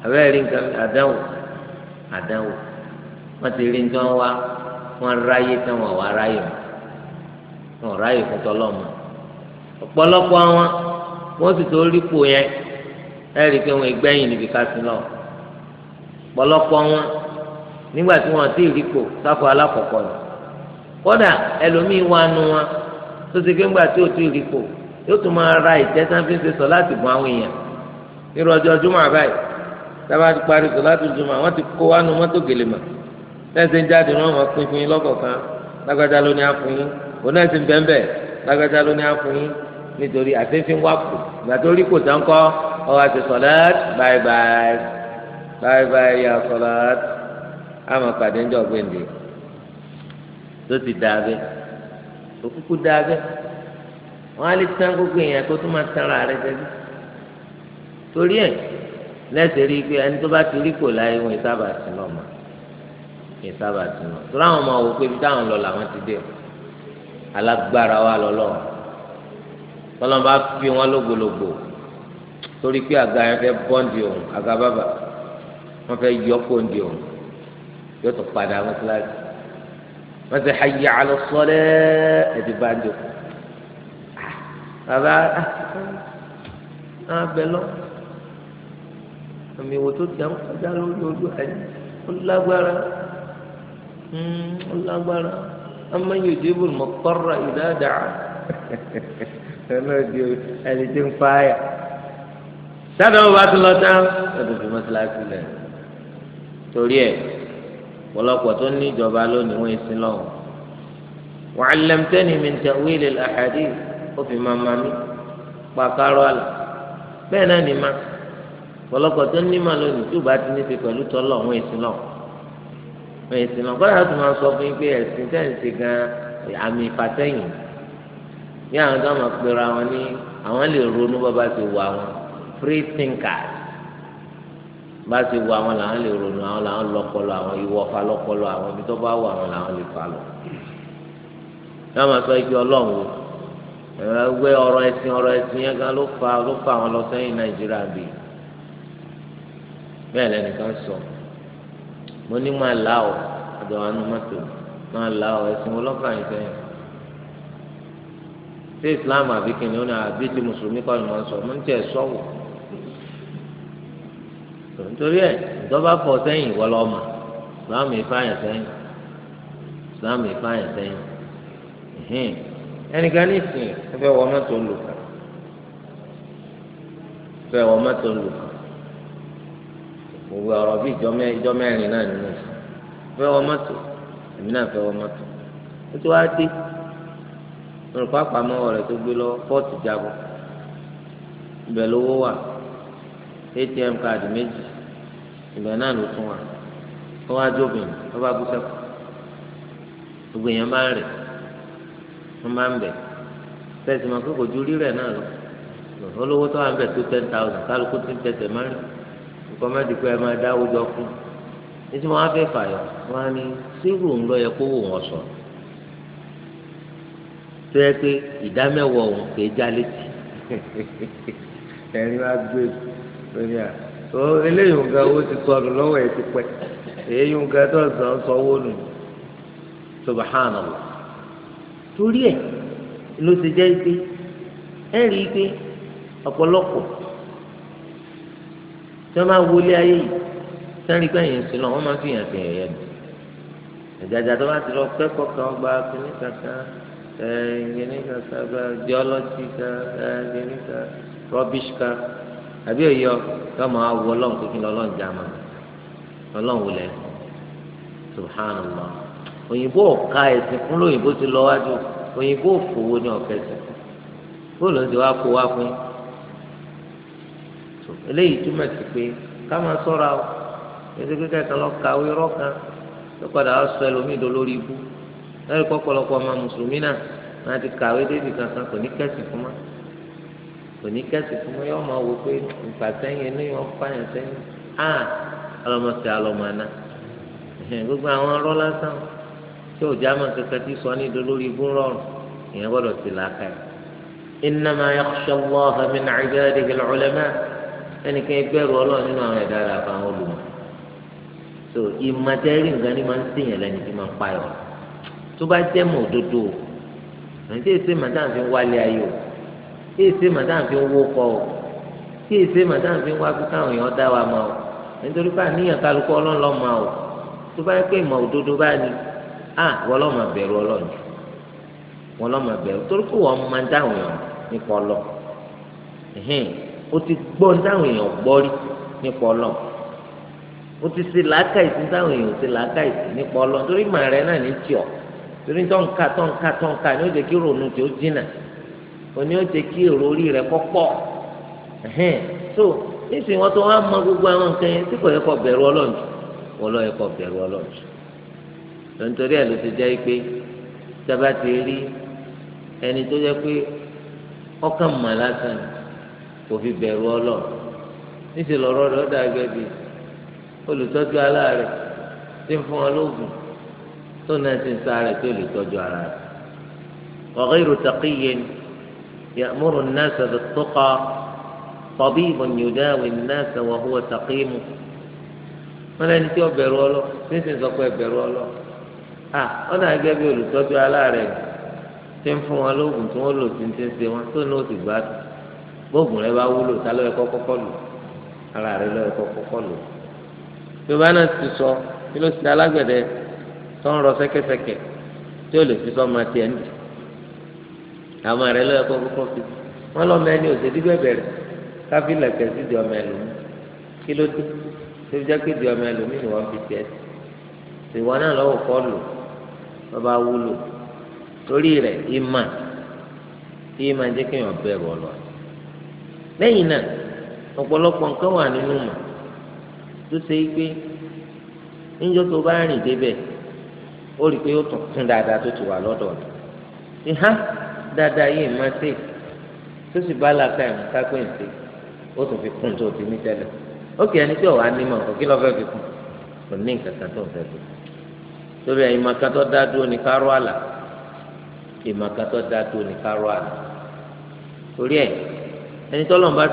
abẹ́rẹ́ rí nǹkan àdánwò àdánwò wọ́n ti rí nǹkan wá wọ́n ráyè tí wọ́n wá ráyè mọ́ wọ́n ráyè fún tọ́lọ́mù ọ̀pọ̀lọpọ̀ àwọn wọ́n sì tó rí po yẹn ẹ rí i pé wọ́n gbẹ̀yìn níbi kásìn náà pọ̀lọpọ̀ wọn nígbà tí wọ́n ti rí po sáfù alákọ̀ọ́kọ́ ni kódà ẹlòmíín wà nù wọn tó ti gbé ńgbà tí ò ti rí po yóò tún máa ra ìtẹ́sán fi ń ṣe sọ láti bọ́ àwọn èèyàn irú ọjọ́ júmọ̀ àbáyé tábà ti parí sọ láti júmọ̀ àwọn ti kó wánu mọ́tò gèlè mọ̀ tẹ́sán jáde wọn máa pín fún yín lọ́kọ̀ọ̀kan lágbájá ló ní àfún yín òun náà nítorí àfẹ́fẹ́ wà kù ìgbà tó rí kò tán kọ́ ọ̀rọ̀ àti sọ̀láàt báyìí báyìí báyìí báyìí yà sọ̀láàt àmọ̀ pàdé ń jọ gbèǹde tó ti dáa bẹ́ẹ̀ tó kúkú dáa bẹ́ẹ̀ wọ́n á lè tán gbogbo èèyàn tó tún máa tanra rẹ̀ jẹ́bi torí ẹ̀ lẹ́sẹ̀ rí i pé ẹni tó bá ti rí kò láyé wọn ìsábà sí náà mọ̀ ìsábà sí náà tó láwọn máa wò pé ibi táwọn lọ làwọn ti dé alágbára wa lọ lọ́wọ́ tọ́lọ́n bá fi wọn lógbòlógbò torí pé àga yẹn fẹ́ bọ́ǹdì òun àga bàbà wọ́n fẹ́ yọ kóńdì òun yóò tó padà wọn síláàsì wọ́n ti hayya ala sọ́lẹ́ ẹ̀dí bá ń dòkó bàbá àwọn ah, abẹ ah, lọ àmì ìwò tó dà ń kọjá lórí ojú àyè ó lágbára hmm, ó lágbára amáyé òjò ìbò mọ̀ ẹnu di ẹni tí ń fáyà sábà wọn bá tún lọ tán ẹ̀dùn fi mọ́sálásí lẹ̀ torí ẹ̀ pọ̀lọpọ̀ tó ní ìjọba lónìí wọ́n sin lọ́wọ́ wa'allamtani min ta'wil al-ahadith ó fi máa ma mí pàkárọ̀ àlà bẹ́ẹ̀ náà ní ma pọ̀lọpọ̀ tó ní ma lónìí tó bá ti ní ṣe pẹ̀lú tọ́lọ̀ wọ́n sin lọ́wọ́ wọ́n sin lọ́wọ́ kọ́lá tó máa sọ fún yín pé ẹ̀sìn tẹ́ǹsì gan àmì ìfàsẹ́yìn ní àwọn tó máa pera wọn ní àwọn lè ronú bá bá ti wà wọn free thinkers bá ti wà wọn làwọn lè ronú àwọn làwọn lọpọlọ àwọn ìwọfà lọpọlọ àwọn ibi tó bá wà wọn làwọn lè fà lọ ní àwọn sọ ike Ọlọ́run wò ẹgbẹ́ ọ̀rọ̀ ẹ̀sìn ọ̀rọ̀ ẹ̀sìn yẹn gan ló fa ló fa àwọn lọ sẹ́yìn Nàìjíríà bì bẹ́ẹ̀ lẹ́nìkan sọ mo ní máa là ọ ọ̀dọ̀ àwọn mọ́tò máa là ọ ẹ̀sìn wo lọ́kàn yìí sẹ́yìn. ṣé islam àbí kìnìún ni àbí ti mùsùlùmí kọ́ ni wọ́n sọ mo ń tiẹ̀ sọ́wọ́ nítorí ẹ̀ ìjọba fọ sẹ́yìn ìwọ islam sẹ́yìn islam sẹ́yìn ní ìsìn ẹ fẹ́ wọ fẹ́ wọ òwe ọ̀rọ̀ ìjọ mẹ́rin náà nínú ìsìn fẹ́ wọ èmi náà fẹ́ wọ ó ti wá dé. olùkọ́ àpamọ́wọ́ rẹ̀ tó gbé lọ fọ́ọ̀tì jábọ̀ ibẹ̀ lówó wà atm káàdì méjì ibẹ̀ náà ló tún wà ó wá jóbìn ó bá gúsẹ̀ kù gbogbo èèyàn bá ń rẹ̀ wọ́n bá ń bẹ̀ tẹ̀sí ma kókò ju rírẹ̀ náà lọ olówó tó wà ń bẹ̀ tó ten thousand kálukú ti ń tẹsẹ̀ máa ń nǹkan má dìgbò ẹ̀ máa dáwó jọ fún un ní tí wọ́n á fẹ́ fàyọ̀ wọ́n á ní sírù ńlọ yẹ kó wò wọ́n sọ̀rọ̀ tó yẹ pé ìdámẹ́wọ̀ òun kò já létí ẹni wá gbé lórí à tó eléyìí nǹkan owó ti sọnù lọ́wọ́ ẹ̀ ti pẹ́ èyí nǹkan tó ń sọ ń nù subhanallah torí ẹ̀ ló ti jẹ́ pé ẹ rí i pé ọ̀pọ̀lọpọ̀ tí wọ́n máa wọlé ayé yìí sẹ́ni pé èèyàn sí lọ wọ́n máa fi hàn sí ẹ̀yẹ nù ẹ̀jàjà tó bá ti lọ kẹ́kọ̀ọ́ kan gba kíní kankan. gini ka sábà ka gini ka ka àbí ọyọ kama awọ Ọlọ́run kékin lọ́lọ́run jama Ọlọ́run wò lẹ subhanallah ti lọ wájú oyibo fowó ní ọ̀fẹ́ sìn bóòlù ti wá kó wa fún eléyìí túmọ̀ pé o ẹsẹ̀ kíkẹ́ kan lórí ibú. lórí kọ́pọ̀lọpọ̀ ọmọ mùsùlùmí náà wọn ti kàwé débi kankan kò ní kẹ́sì fún ma kò ní kẹ́sì fún ma yọ ọmọ wò pé nípa sẹ́yìn inú yọ fáyà sẹ́yìn á ọlọmọsẹ alọmọana gbogbo àwọn ọ̀rọ̀ lásán tí òjá mọ kẹkẹ ti sọ ní ìdólórí ibú rọrùn ìyẹn gbọ́dọ̀ sí làákà yìí innama yakhsha Allaha min ibadihi al-ulama ẹnìkan ìbẹ̀rù Ọlọ́run nínú àwọn ẹ̀dá rẹ̀ àbáwọn olùmọ̀ so ìmọ̀tẹ́rì nǹkan ni máa ń sèyàn lẹ́ni tí máa ń payọ̀ rẹ̀ tó bá jẹ́ mọ̀ òdodo ẹni tí èsè màdàm fi ń wálé ayé o tí èsè màdàm fi ń wó kọ o tí èsè màdàm fi ń wá kíkà àwọn èèyàn dá wa ma o nítorí pé àníyàn kálukú ọlọ́ọ̀lọ́ ma o tó bá yẹ pé ìmọ̀ òdodo bá ní à wọ́n lọ́ọ́ máa bẹ̀rù ọlọ́ọ̀ni wọ́n lọ́ọ́ máa bẹ̀rù torí pé wọ́n máa dáhùn èèyàn nípa ọlọ́ o ti gbọ́ dáhùn èèyàn gbọ́ rí nípa ọlọ́ o ti ṣe làákàyèsí dáhùn èèyàn ti làákàyèsí nípa ọlọ́ torí màá náà ní tiọ̀ torí tọ́ǹkà tọ́ǹkà tọ́ǹkà ni ó jẹ́ kí ronú tí ó dínà òní ó jẹ́ kí èrò orí rẹ̀ kọ́pọ̀ so nísìnyí wọ́n tó wá mọ gbogbo àwọn nǹkan yẹn tí kò yẹ kó bẹ̀rù ọlọ́run jù wọ́n lọ́ yẹ kó bẹ̀rù ọlọ́run jù lọ́ntorí ẹ̀ ló ti jẹ́ pé sábà ti rí ẹni tó jẹ́ pé ọkàn mọ̀ lásán kò fi bẹ̀rù ọlọ́run níṣẹ́ lọ́rọ́ rẹ̀ ó dàgbẹ́ bíi olùtọ́jú aláàrẹ̀ tí ń fún ọ lóògùn tó náà ti ń sáré tó lè tọ́jú ara rẹ̀. وغير تقي يأمر الناس بالتقى طبيب يداوي الناس وهو سقيم wọn lẹni tí ó bẹ̀rù ọlọ nísìnyí sọ pé ẹ bẹ̀rù ọlọ à wọn náà gẹ́gẹ́ bí olùtọ́jú aláàrẹ̀ tí ń fún wọn lóògùn tí wọn lò tí ń ti ń ṣe wọn tó ní òsì gbádùn bóògùn rẹ bá wúlò ta ló yẹ kọ́kọ́ lò ara rẹ ló kọ́kọ́ lò yorùbá náà ti sọ kí ló ti alágbẹ̀dẹ tó ń rọ sẹ́kẹ́sẹ́kẹ́ tí ó lè fi sọ́mọ tiẹ̀ ń bì àwọn rẹ̀ lọ́yọ̀ kọ́kọ́ kọ́ fi wọ́n lọ́mọ ẹni òṣèlú bẹ̀rẹ̀ káfí lẹ̀kẹ́ sí di ọmọ ẹlòmí kí ló dé tó fi jẹ́ pé di ọmọ ẹlòmí ni wọ́n fi tiẹ̀ sí ìwọ náà lọ́wọ́ kọ́ lò wọ́n bá wúlò torí rẹ̀ ìmà ìmà jẹ́ kéèyàn bẹ̀rù ọ̀lọ́ lẹ́yìn náà ọ̀pọ̀lọpọ̀ nǹkan wà nínú mọ̀ tó ṣe é pé níjọ́ tó bá rìn débẹ̀ ó rí i pé ó tún tún dáadáa tó ti wà lọ́dọ̀ rẹ̀ ìhá dáadáa yìí máa ṣe tó sì bá làákà ẹ̀ mọ́ta pé ń ṣe ó tún fi kún tó ti ní tẹ́lẹ̀ ó kì í ẹni tí ò wá ní mọ̀ kò kí lọ́ọ́ fẹ́ fi kún kò ní nǹkan kan tó ń fẹ́ fi torí ẹ̀ ìmọ̀kan tó dá dúró ní káró àlà ìmọ̀kan tó dá dúró ní káró àlà torí ẹ̀ ẹni tọ́lọ́mùbá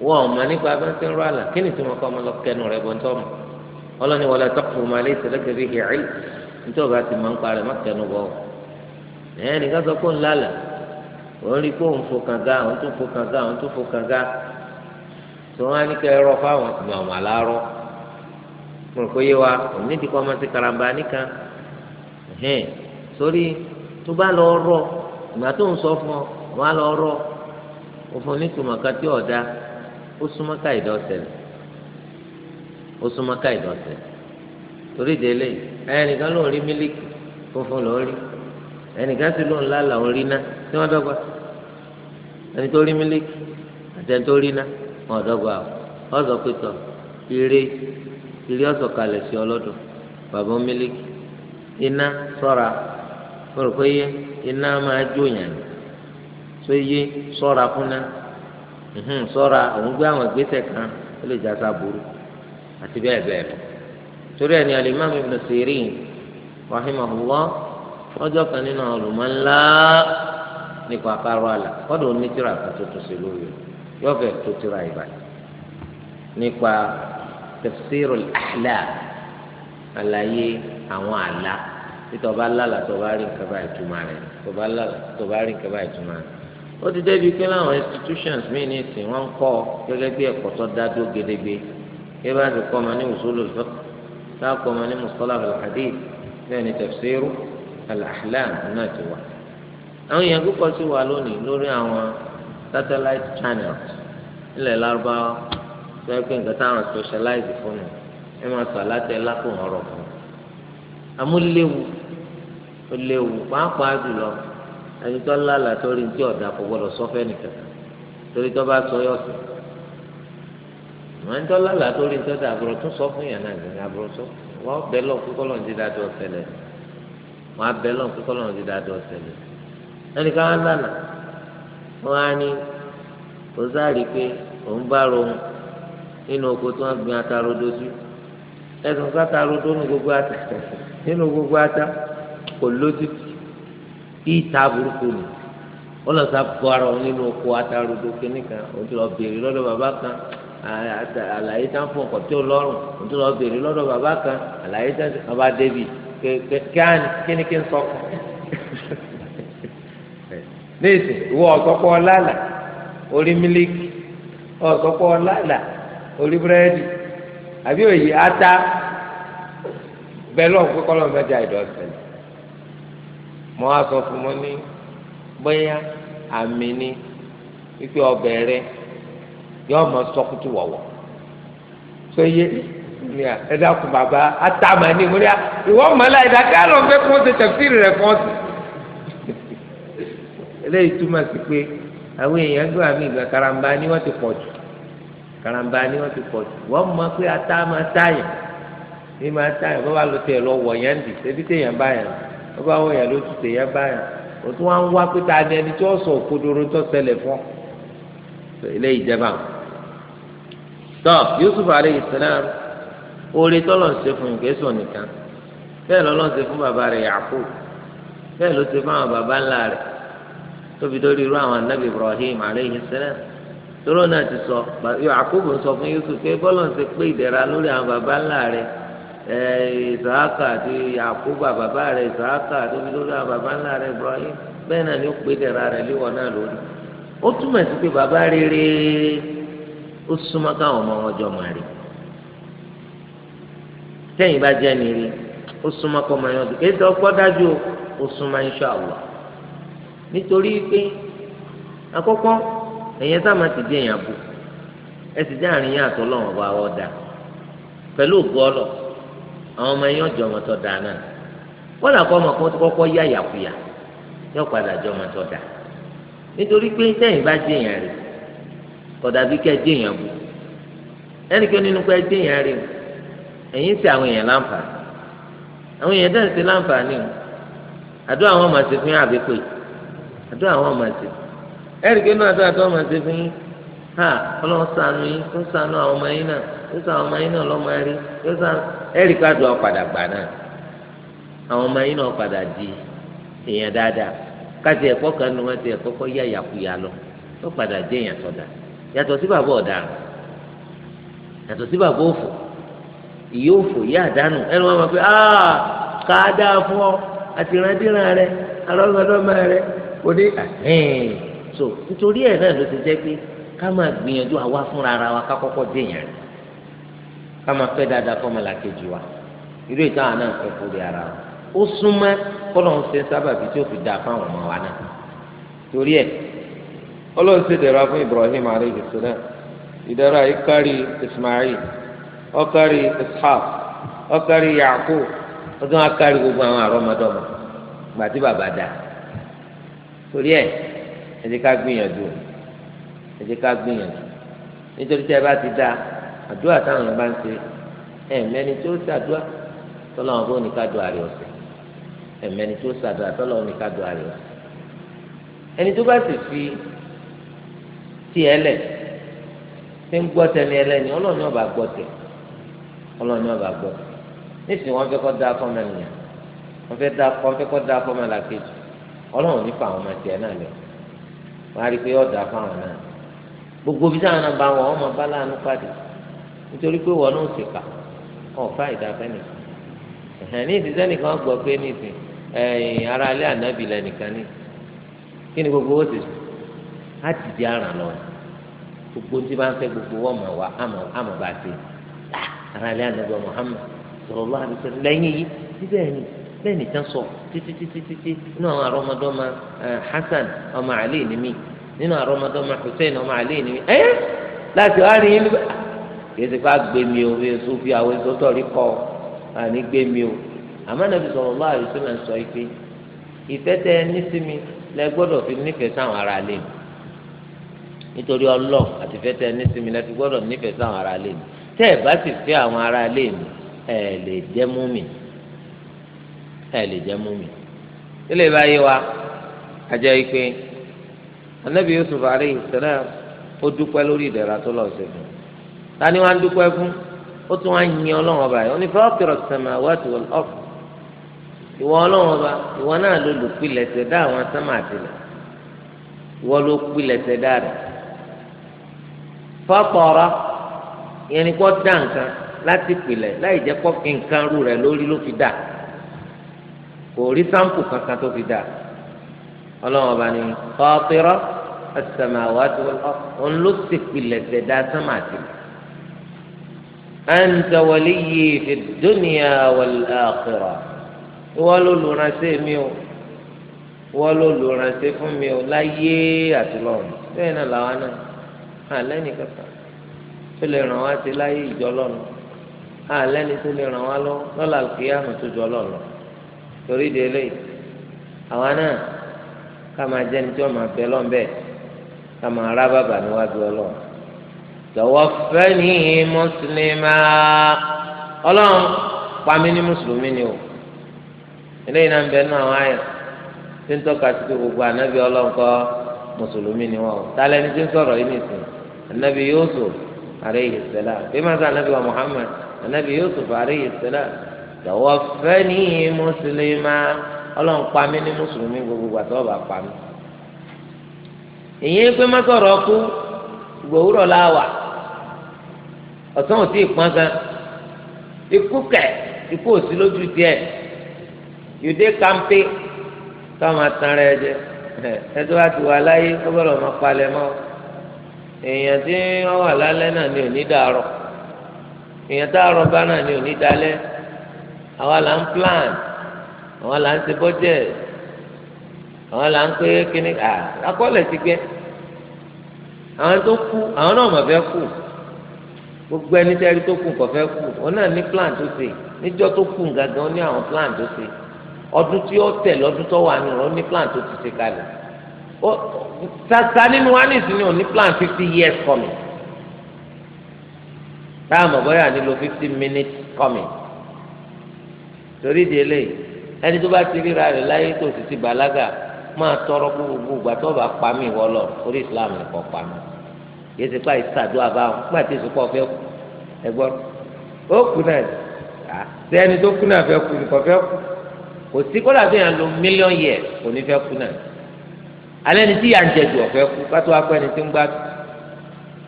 wọn ọmọ nípa bá ń tẹ́ ń rọ àlà kí ni tí wọn kọ́ ọmọ lọ́kẹ́nu rẹ̀ bọ́ ń tọ́ mọ́ ọlọ́ni wọlé tọ́kù máa lé sẹlẹ́kẹ̀ bí hìí nítorí ọba ti máa ń parẹ́ má kẹnu bọ̀ ọ́ ẹ̀yẹ́ nìkan sọ pé ń lálà òun rí i pé òun fò kànga òun tún fò kànga òun tún fò kànga tí wọ́n á ní kẹ́ ẹ̀rọ fáwọn ìgbà wọn àlárọ̀ mo rò pé yé wa òun ti kọ́ ọmọ ti karamba nìkan ẹ̀hìn sórí tó bá lọ rọ ìgbà tó ń sọ fún ọ wọn á lọ rọ ó súnmọ́ ká ìdọ́sẹ̀lẹ̀ ó súnmọ́ ká ìdọ́sẹ̀lẹ̀ torí délé ẹnìkan ló ń rí mílíkì funfun ló ń rí ẹnìkan sì ló ń lálà ń rí ná tí wọ́n dọ́gba ẹni tó rí mílíkì àti ẹni tó rí dọ́gba ọ̀sọ̀ ire ire ọ̀sọ̀ kalẹ̀ sí ọlọ́dún bàbá mílíkì iná sọ́ra mo rò pé iná máa jó sọ́ra òun gbé kan ó lè já àti bẹ́ẹ̀ bẹ́ẹ̀ lọ. torí ẹni alimami kan nínú nípa àlà onítìrà kan tuntun sí lórí yóò tó tìrà nípa àlàyé àwọn ó ti débi pé láwọn institutions míì ní ìsìn wọn ń kọ́ gẹ́gẹ́ bí ẹ̀kọ́ tó dá dúró gedegbe kí bá ti kọ́ ọmọ ní usulul fiqh táà kọ́ ọmọ ní mustalah al-hadith bẹ́ẹ̀ ni tafsiru al-ahlam náà ti wà. àwọn èèyàn púpọ̀ sí wa lónìí lórí àwọn satellite channels ilẹ̀ lárúbáwá tó yẹ pé nǹkan táwọn specialize fún mi ẹ máa sọ alátẹ lápò ọ̀rọ̀ fún mi. àmúléwu ó léwu pàápàá jùlọ ẹni tó lálàá tó rí ti ọ̀dà kò gbọdọ̀ sọ́fẹ́ nìkan torí tó bá sọ yọ sí ẹni tó lálàá tó rí ti ọ̀dà àbúrò tún sọ fún yàrá ìgbìyànjú àbúrò sọ wọ́n bẹ́ẹ̀ lọ kókó lọ́n ti dáadọ́ ọ̀sẹ̀lẹ̀ wọ́n abẹ́ lọ́n kókó lọ́n ti dáadọ́ ọ̀sẹ̀lẹ̀ ẹni ká wọn lálàá wọn á ní kò sáré pé òun bá rohun nínú oko tí wọ́n gbin atarodo sí ẹ̀sùn kátarodo *laughs* nínú gbogbo ata kò lójútì ìta burúkú ni ọlọ́sà bọ́ ara wọn nínú oko atarudo kínní kan o ti lọ béèrè lọ́dọ̀ bàbá kan àlàyé tá ń fún ọkọ̀ tí ó lọ́rùn o ti lọ béèrè lọ́dọ̀ bàbá kan àlàyé tá ń fún ọba débi kínní kí ń sọ fún *laughs* léèsì ìwọ ọ̀sọ́pọ̀ ọ̀làlà orí mílíkì ọ̀sọ́pọ̀ ọ̀làlà orí búrẹ́dì àbí òye ata bẹ́ẹ̀ lọ́ọ̀ pé kọ́lọ́ọ̀ mẹ́ta ìdọ̀sẹ̀ mo wá sọ fún mo ní bóyá àmì ni wípé ọbẹ̀ rẹ yóò mọ sọkútù wọ̀wọ̀ tó yé ẹ dákun bàbá àtàmà ni mo ní ìwọ mọ̀lá ìdáká lọ fẹ́ kó o ṣe tẹ̀síìrì rẹ̀ fọ́ sí. eléyìí túmọ̀ sí pé àwọn èèyàn gbọ́ àmì ìgbà karambà ni wọ́n ti pọ̀ jù karambà ni wọ́n ti pọ̀ jù wọ́n mọ̀ pé ata máa táyà ní máa táyà bọ́ bá lọ tẹ̀ lọ wọ̀ yẹn dì ṣebí téèyàn bá yẹn dì ó bá wọ yẹn ló ti tẹ̀yẹ báyìí ó tún wá ń wá pé ta ni ẹni tí ó sọ òkodoro tó ṣẹlẹ̀ fún ilé ìjẹba tọ Yusuf aleyhi salam oore tọ́lọ̀ ń ṣe fún ìgbésùn nìkan bẹ́ẹ̀ lọ́lọ́ ń ṣe fún bàbá rẹ̀ Yakub bẹ́ẹ̀ ló ṣe fún àwọn bàbá ńlá rẹ̀ tóbi lórí irú àwọn anabi Ibrahim aleyhi salam tóró náà ti sọ Yakub ń sọ fún Yusuf pé bọ́lọ̀ ń ṣe pé ìdẹ̀ra lórí àwọn bàbá ńlá rẹ̀ ìsàákà àti yàkúbà bàbá rẹ̀ ìsàákà tó fi lórí àwọn bàbá ńlá rẹ̀ Ibrahim bẹ́ẹ̀ náà ni ó pè dẹ̀ra rẹ̀ léwọ̀ náà lórí ó túmọ̀ sí pé bàbá rere ó súnmọ́ káwọn ọmọ máa rí tẹ́yìn bá jẹ́ ó súnmọ́ kọ́ máa dájú ó súnmọ́ di bù sì àárín bá dà àwọn ọmọ yẹn ọmọ tó da náà ọmọ kan tó kọkọ yá yàkuyà yóò padà jọ ọmọ tó da nítorí pé sẹ́yìn bá dé èèyàn rè kọ̀dà bí kẹ́ dé èèyàn bù ẹnìkan nínú pé dé èèyàn rè ẹ̀yìn sí àwọn èèyàn láǹfààní àwọn èèyàn dẹ́rẹ́ sí ọmọ fún àbíkú ọmọ ọmọ ha ọlọ́run ṣàánú yín tó ṣàánú àwọn ọmọ yín náà tó ṣàánú ọmọ yín náà lọ́mọ rí tó kájú ọ̀padà gbà náà àwọn ọmọ padà di èèyàn dáadáa káti ẹ̀kọ́ kan nu wọn ti ẹ̀kọ́ kọ́ yá yàkuyà lọ tó padà dé èèyàn sọ̀dà yàtọ̀ sí bàbá ọ̀daràn yàtọ̀ sí bàbá so nítorí ẹ̀ náà ló ti jẹ́ pé Kama máa gbìyànjú àwa fúnra ara wa ká kọ́kọ́ déyàn rẹ̀ ká máa fẹ́ dáadáa fọmọlàkejì wa irú ìta àwọn náà fẹ́ fúri ara wa ó súnmọ́ kọ́lọ́n ṣe sábàbí tí ó fi dáa fáwọn ọmọ wa náà torí ẹ̀ ọlọ́run ṣe dẹ̀ra fún Ibrahim aleyhi sọ́dọ̀ ìdẹ̀ra kárí Ismail ó kárí Ishaq ó kárí Yaakub gbogbo àwọn àrọ́mọdọ́mọ gbàtí bàbá dáa torí ẹ̀ ẹ̀ ti ká gbìyànjú o ẹ jẹ́ ká gbìyànjú nítorí tí ẹ bá ti dáa àdúrà táwọn yẹn bá ń ṣe ẹ̀mẹ́ni tó ṣàdúrà tọ́lọ́ wọn bó ní ká do àrè ọ̀sẹ̀ ẹ̀mẹ́ni tó ṣàdúrà tọ́lọ́ wọn ní ká do àrè ọ̀sẹ̀ ẹni tó bá sì fi tí ẹ lẹ̀ tí ń gbọ́ tẹ̀lé ẹ lẹ́ni ọlọ́ọ̀ni ọba gbọ́ tẹ̀ ọlọ́ọ̀ni ọba gbọ́ tẹ̀ nísìnyí wọ́n fẹ́ kọ́ da fọ́mọ ènìyàn wọ́n fẹ́ da wọ́n fẹ́ kọ́ da fọ́mọ làkejì ọlọ́run nípa àwọn ọmọ náà lẹ̀ wọ́n á rí i pé ọ̀ da fáwọn náà gbogbo bí sáwọn nàbà wọn ọmọ bá láàánú pàdé nítorí pé wọn náà sì kà ọ̀fà ìdáfẹ́ nìkan ẹ̀hìn ní ìdíjẹ́ nìkan gbọ́ pé nìsín ẹ̀yìn ara ànábì ní kí ni gbogbo ó ti sùn á ti di aràn lọ gbogbo tí bá ń gbogbo wọn bá ti ah, ara ànábì Hasan nínú àrọmọdọ́mọ Hussein ọmọ Ali ni ẹ láti wá rí inú kìí ṣe ká gbé mi o bí oṣù fi àwọn èso tọ̀rí kọ àní gbé mi o àmọ́ nàbí sọ̀rọ̀ lọ́wọ́ àyùsọ náà sọ pé ìfẹ́ tẹ ẹ ní sí mi lẹ gbọ́dọ̀ fi nífẹ̀ẹ́ sáwọn ará lé mi nítorí ọlọ́ àti ìfẹ́ tẹ ẹ ní sí lẹ fi gbọ́dọ̀ nífẹ̀ẹ́ sáwọn ará lé mi tẹ́ ẹ bá sì fẹ́ àwọn ará lé mi ẹ lè jẹ́ mú mi ẹ lè jẹ́ mú mi ilé ìbáyé wa a jẹ́ anabi yusuf aleyhi salam ó dúpẹ́ lórí ìdẹ̀ra tó lọ sí fún tani wàá dúpẹ́ fún ó tún wàá yin ọlọ́run ọba yìí ó ní fọ́ọ̀kìrọ̀ samawati wal ard ìwọ ọlọ́run ọba ìwọ náà ló lù pilẹ̀ ṣẹ̀dá àwọn sánmà àtìlẹ̀ ìwọ ló pilẹ̀ ṣẹ̀dá rẹ̀ fọ́ọ̀kọ̀ọ̀rọ̀ ìyẹn ni kò dá nǹkan láti pilẹ̀ láì jẹ́ nǹkan rú rẹ̀ lórí ló fi dà kò rí sáǹpù kankan tó fi dà. ọlọ́run ọba ni fọ́tírọ́ as-samawati wal ard òun ló ti pilẹ̀ ṣẹ̀dá sánmà àti mi. anta waliyyi fi dunya wal akhirah wọ́n ló lùránṣẹ́ mi o wọ́n ló lùránṣẹ́ fún mi o láyé àti lọ́run bẹ́ẹ̀ náà làwọn náà àlẹ́ nìkan kan tó lè ràn wá sí láyé ìjọ lọ́run alẹ́ tó lè ràn wá lọ lọ́la tó jọ lọ́lọ́ torí délé àwa náà ká máa jẹ́ ní tí wọ́n máa fẹ́ lọ́nbẹ́ ká máa rá bàbà níwájú ọlọ́run. tawaffani muslima ọlọ́run pa mí ní mùsùlùmí ni o eléyìí náà ń bẹ nínú àwọn àyà tí ń tọ́ka sí pé gbogbo ànábì ọlọ́run kọ́ mùsùlùmí ni wọn o tálẹ́ ní tí ń sọ̀rọ̀ yìí nìsín ànábì Yusuf alayhi salam bí má sọ ànábì wa Muhammad ànábì Yusuf alayhi salam tawaffani muslima. ọlọ́run pa mí ní mùsùlùmí gbogbo àti ọba pa mí. èyí pé mọ́tòrọ̀ kú gbòòrò láwà ọ̀sán òtí ìpọ́n gan ikú kẹ̀ ikú òsí lójú tiẹ̀ yòdé kàmpé káwọn ẹ jẹ ẹtọ́ ti wà láyé ọgbọ́dọ̀ máa palẹ̀ mọ́ èèyàn tí wọ́n wà lálẹ́ náà ni èèyàn tá bá náà ni àwa là ń plan àwọn là ń ṣe budget àwọn là ń pé kíní à akọ́lẹ̀ ti gbẹ àwọn tó kú àwọn náà mọ̀ fẹ́ kú gbogbo ẹni tẹ́rí tó kù kò fẹ́ kú òun náà ní plan tó ṣe níjọ́ tó kù gàgán ní àwọn plan tó ṣe ọdún tí ó tẹ̀ lọ́dún tó wà nù ó ní plan tó ti ṣe kalẹ̀ ó sasa nínú wa nìsín ni ò ní plan fifty years coming táà mọ̀ bóyá nílò fifty minutes coming torí di eléyìí ẹni tó bá ti ríra rẹ̀ láyé tó sì ti bàlágà máa tọrọ gbogbo ìgbà tó bá pa orí islam nìkan pa mí yìí ti pa ìsàdúrà bá wọn nígbà tí ìsopọ̀ fẹ́ kú ẹgbọ́n ó kú náà ṣé ẹni tó kú náà fẹ́ kú nìkan fẹ́ kú kò sí kó dàbí yàn lo mílíọ̀n yẹ kò ní fẹ́ kú náà alẹ́ ni tí yà ń ọ̀fẹ́ kú kátó wá pẹ́ ni tí ń gbá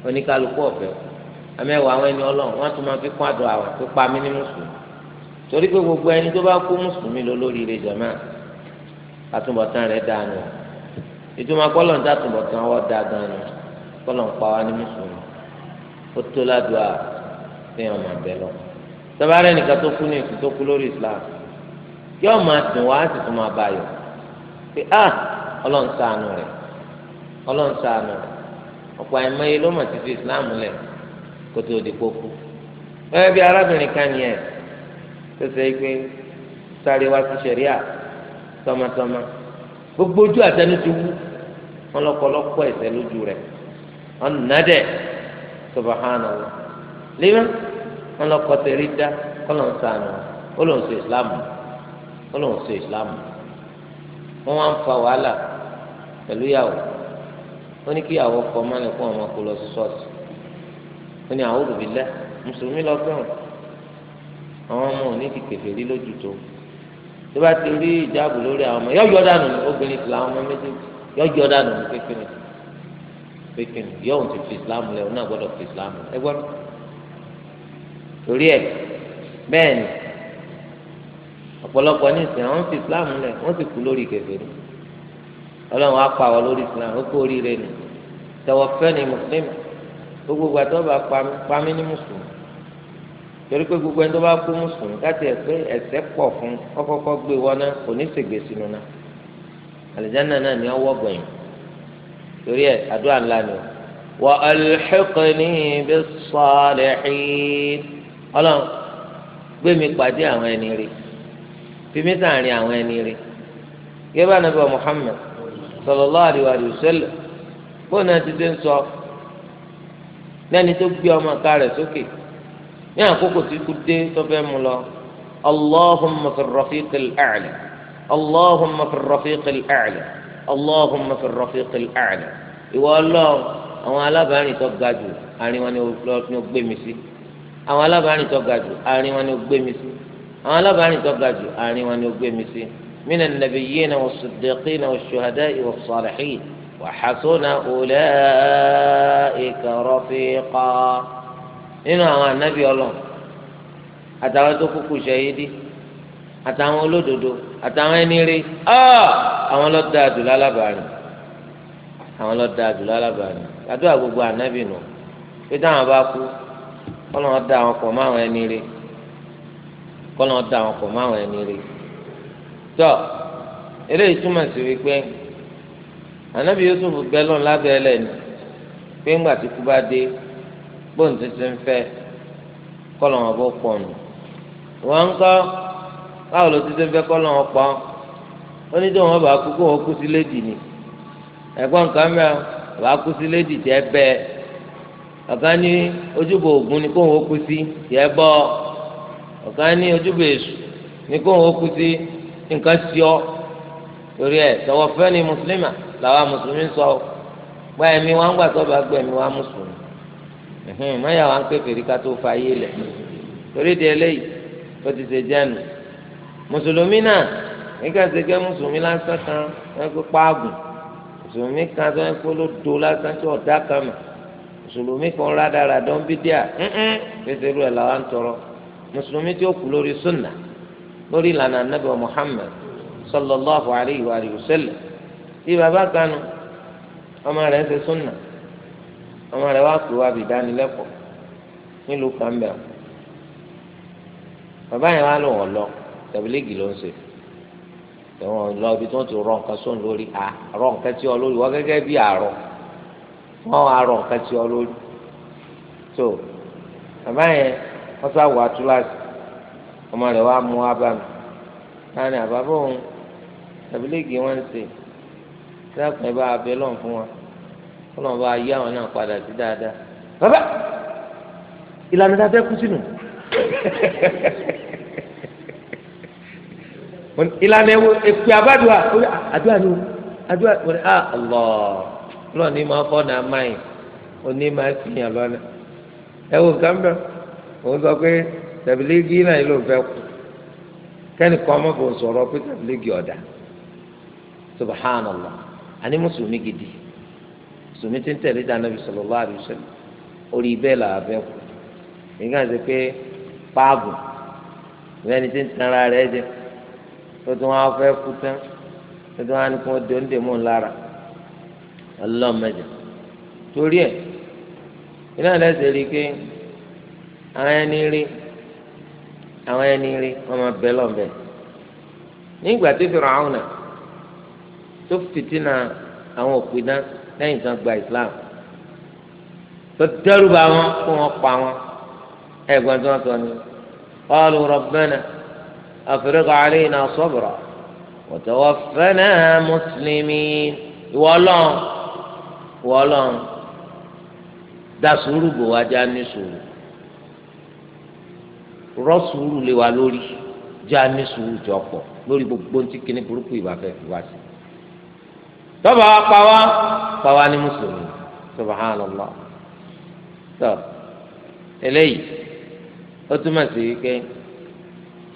oníkálukú ọ̀fẹ́ kú amẹ́wàá àwọn ẹni ọlọ́run wọ́n tún máa fi kún àdúrà wọn tó pa mí ní mùsùlùmí torí pé gbogbo ẹni tó bá kú mùsùlùmí lọ lórí rẹ̀ jàmá àtúbọ̀tán rẹ̀ dànù ìtumọ̀ kọ́lọ̀ ń dàtúbọ̀tán wọ́n dà dànù kọ́lọ̀ ń pa wá ní mùsùlùmí ó tó ládùá téèyàn máa bẹ̀ lọ. sábàárẹ̀ nìkan tó kú ní ìsìn tó kú lórí Islam yóò máa dùn wá sì tún máa báyọ̀ pé a ah, ọlọ́run ṣàánú rẹ̀ ọlọ́run ṣàánú rẹ̀ ọ̀pọ̀ àìmọye ló mọ̀ ti fi Islam lẹ̀ kó tó di kó kú. bẹ́ẹ̀ bí arábìnrin kan yẹn tó ṣe é pé sáré wá sí sẹ̀ríà tọmọtọmọ gbogbo ojú àtẹnu ti wú wọn lọkọlọkọ ẹsẹ lójú rẹ wọn nàdẹ subhanallah lẹ́yìn wọn lọkọ tẹ̀rí dá kọ́lọ̀ ń sànù ó lọ́n ṣe ìsìlámù ó lọ́n ṣe ìsìlámù wọn wá ń fa wàhálà pẹ̀lú ìyàwó wọn ní kí ìyàwó kọ́ mọ́lẹ̀ fún lọ sí ṣọ́ọ̀ṣì wọn ní àwọn olùbílẹ̀ mùsùlùmí lọ fẹ́ràn àwọn ọmọ òní ti kẹfẹ rí lójú tó tó bá ti rí ìjáàbù lórí àwọn ọmọ yọjọ dànù obìnrin ti làwọn ọmọ méjèèjì yọjọ dànù ní kékeré pékinì yọ̀hún ti fi islam lẹ̀ ọ̀nà gbọ́dọ̀ fi islam lẹ̀ ẹ gbọ́dọ̀ torí ẹ̀ bẹ́ẹ̀ ni ọ̀pọ̀lọpọ̀ ní ìsìn àwọn fi islam lẹ̀ wọ́n sì kú lórí kèfèrí ọlọ́run á pa wọ́n lórí islam ó kó oríire nì tẹ̀wọ́ fẹ́ ni mùsùlùmí gbogbo ìgbà tó bá pa mí ní mùsùlùmí torí pé gbogbo ẹni tó bá kú mùsùlùmí láti ẹ̀pẹ́ ẹ̀sẹ̀ pọ̀ fún kọ́kọ́kọ́ gbé wọná kò ní ṣègbè sínú náà àlìjáná náà ni ọwọ́ gbẹ̀yìn torí ẹ̀ àdúrà ńlá ni wà alhiqni bis-salihin ọlọ́run gbé mi pàdé àwọn ẹni rí fi mí sàárín àwọn ẹni rí gẹ́gẹ́ Ànábì Muhammad sallallahu alaihi wa sallam bóun náà ti dé ń sọ lẹ́ni tó gbé ọmọ ká rẹ̀ sókè. So ní àkókò tí kú dé tó fẹ́ mu lọ allahumma fi rafiq al-a'la allahumma fi rafiq al-a'la allahumma fi rafiq al-a'la ìwọ ọlọ́run àwọn alábàárìn tó ga jù àárín wọn ni ó gbé mi sí àwọn alábàárìn tó ga jù àárín wọn ni ó gbé mi sí àwọn alábàárìn tó ga jù àárín wọn ni ó gbé mi sí من النبيين والصديقين والشهداء والصالحين وحسن أولئك رفيقا nínú àwọn ànábì Ọlọ́run àtàwọn tó kúkú ṣẹyídì àtàwọn olódodo àtàwọn ẹni rí àwọn lọ da àdùlá alábàárìn àwọn lọ da àdùlá alábàárìn àdúrà gbogbo ànábì nù pé táwọn bá kú kọlọ́n da àwọn pọ̀ mọ́ àwọn ẹni rí kọlọ́n da àwọn pọ̀ mọ́ àwọn ẹni rí tọ́ eléyìí túmọ̀ sí wípé ànábì Yusuf bẹ́lọ̀ lábẹ́ ẹlẹ́ni pé ńgbà tí kú bá dé. bóun ti ti ń fẹ́ kọlọ wọn bó pọ nù wọn ń kọ báwo ló ti ti ń fẹ́ kọlọ wọn ó ní wọn ni ẹ̀gbọ́n nǹkan kú sí ní ni kó wọn kú sí tẹ bọ ọ̀kan ní Èṣù ni kó wọn kú sí nǹkan sí ọ torí ẹ tọwọ fẹ ni mùsùlùmá làwa mùsùlùmí sọ wọn gbà bá gbẹmí wọn mùsùlùmí. mọ́yà wa ń pè fèrè ká tó fa ayé lẹ̀ torí di eléyìí tó ti ṣe jẹ́nu mùsùlùmí náà nígbà tí gẹ́ mùsùlùmí lásán kan wọ́n fi paagùn mùsùlùmí kan tó ń kó do lásán tí ọ̀dà kan mà mùsùlùmí kan rádàrà dán bídíà fèsì rú ẹ̀ làwọn ń tọrọ mùsùlùmí tí ó lórí sunna lórí Muhammad sallallahu alayhi wa sallam tí bàbá kanu ọmọ rẹ̀ ń ṣe ọmọ rẹ̀ wá pè wá bí ìdánilẹ́kọ̀ọ́ nílùú kàmbẹ́à bàbá yẹn wá lò wọ́n lọ tẹ̀bílẹ́gì ló ń ṣe tẹ̀wọ̀n lọ ibi tí wọ́n ti rọ nǹkan sóun lórí a rọ nǹkan tí ọ lórí wọ́n gẹ́gẹ́ bí àrọ wọ́n á rọ nǹkan tí ọ lórí tó bàbá yẹn wọ́n sá wà túláàsì ọmọ rẹ̀ wá mú wá bá mi láàrin àbábọ̀ òun tẹ̀bílẹ́gì wọ́n ń ṣe tí wọ́n bá abẹ́ lọ́n fún wọn. kọ́nà bá yí náà padà sí dáadáa bàbá ìlànà tá a fẹ́ kú sínú ìlànà èpè àbádùá àdúrà ni àdúrà wọn ni ah, ní máa fọ́ náà máyì oní máa fìyàn lọ́nà ẹ wò òun sọ pé náà ló fẹ́ kú kẹ́nìkan sọ̀rọ̀ pé ọ̀dà subhanallah gidi. mùsùlùmí ti ń tẹ̀lé dáná bí orí bẹ́ẹ̀ là á kù nígbà tó pé páàgùn ń tanra rẹ̀ jẹ tó tún wọn kú tán tó tún wọn á dé oúnjẹ mọ́ lára ọlọ́mọdé torí ẹ̀ iná lẹ́sẹ̀ rí pé àwọn ẹni rí àwọn ẹni rí wọn máa bẹ lọ́nbẹ̀ nígbà tó fìtínà àwọn òpin náà. lẹ́yìn tán gba islam tó dẹ́rùbà wọn kó wọn pa wọn ẹ̀gbọ́n tí wọ́n sọ ni qalu rabbana afriq alayna sabra wa tawaffana muslimin ìwọ ọlọ́run ìwọ ọlọ́run dá sùúrù bò wá já ní sùúrù rọ sùúrù lé wa lórí já ní sùúrù jọpọ̀ lórí gbogbo ntí kíní burúkú ìbàfẹ́ fi wá sí i tọ́ba wa pa wá pa wá ní mùsùlùmí subhanallah tọ́ eléyìí ó túmọ̀ sí wípé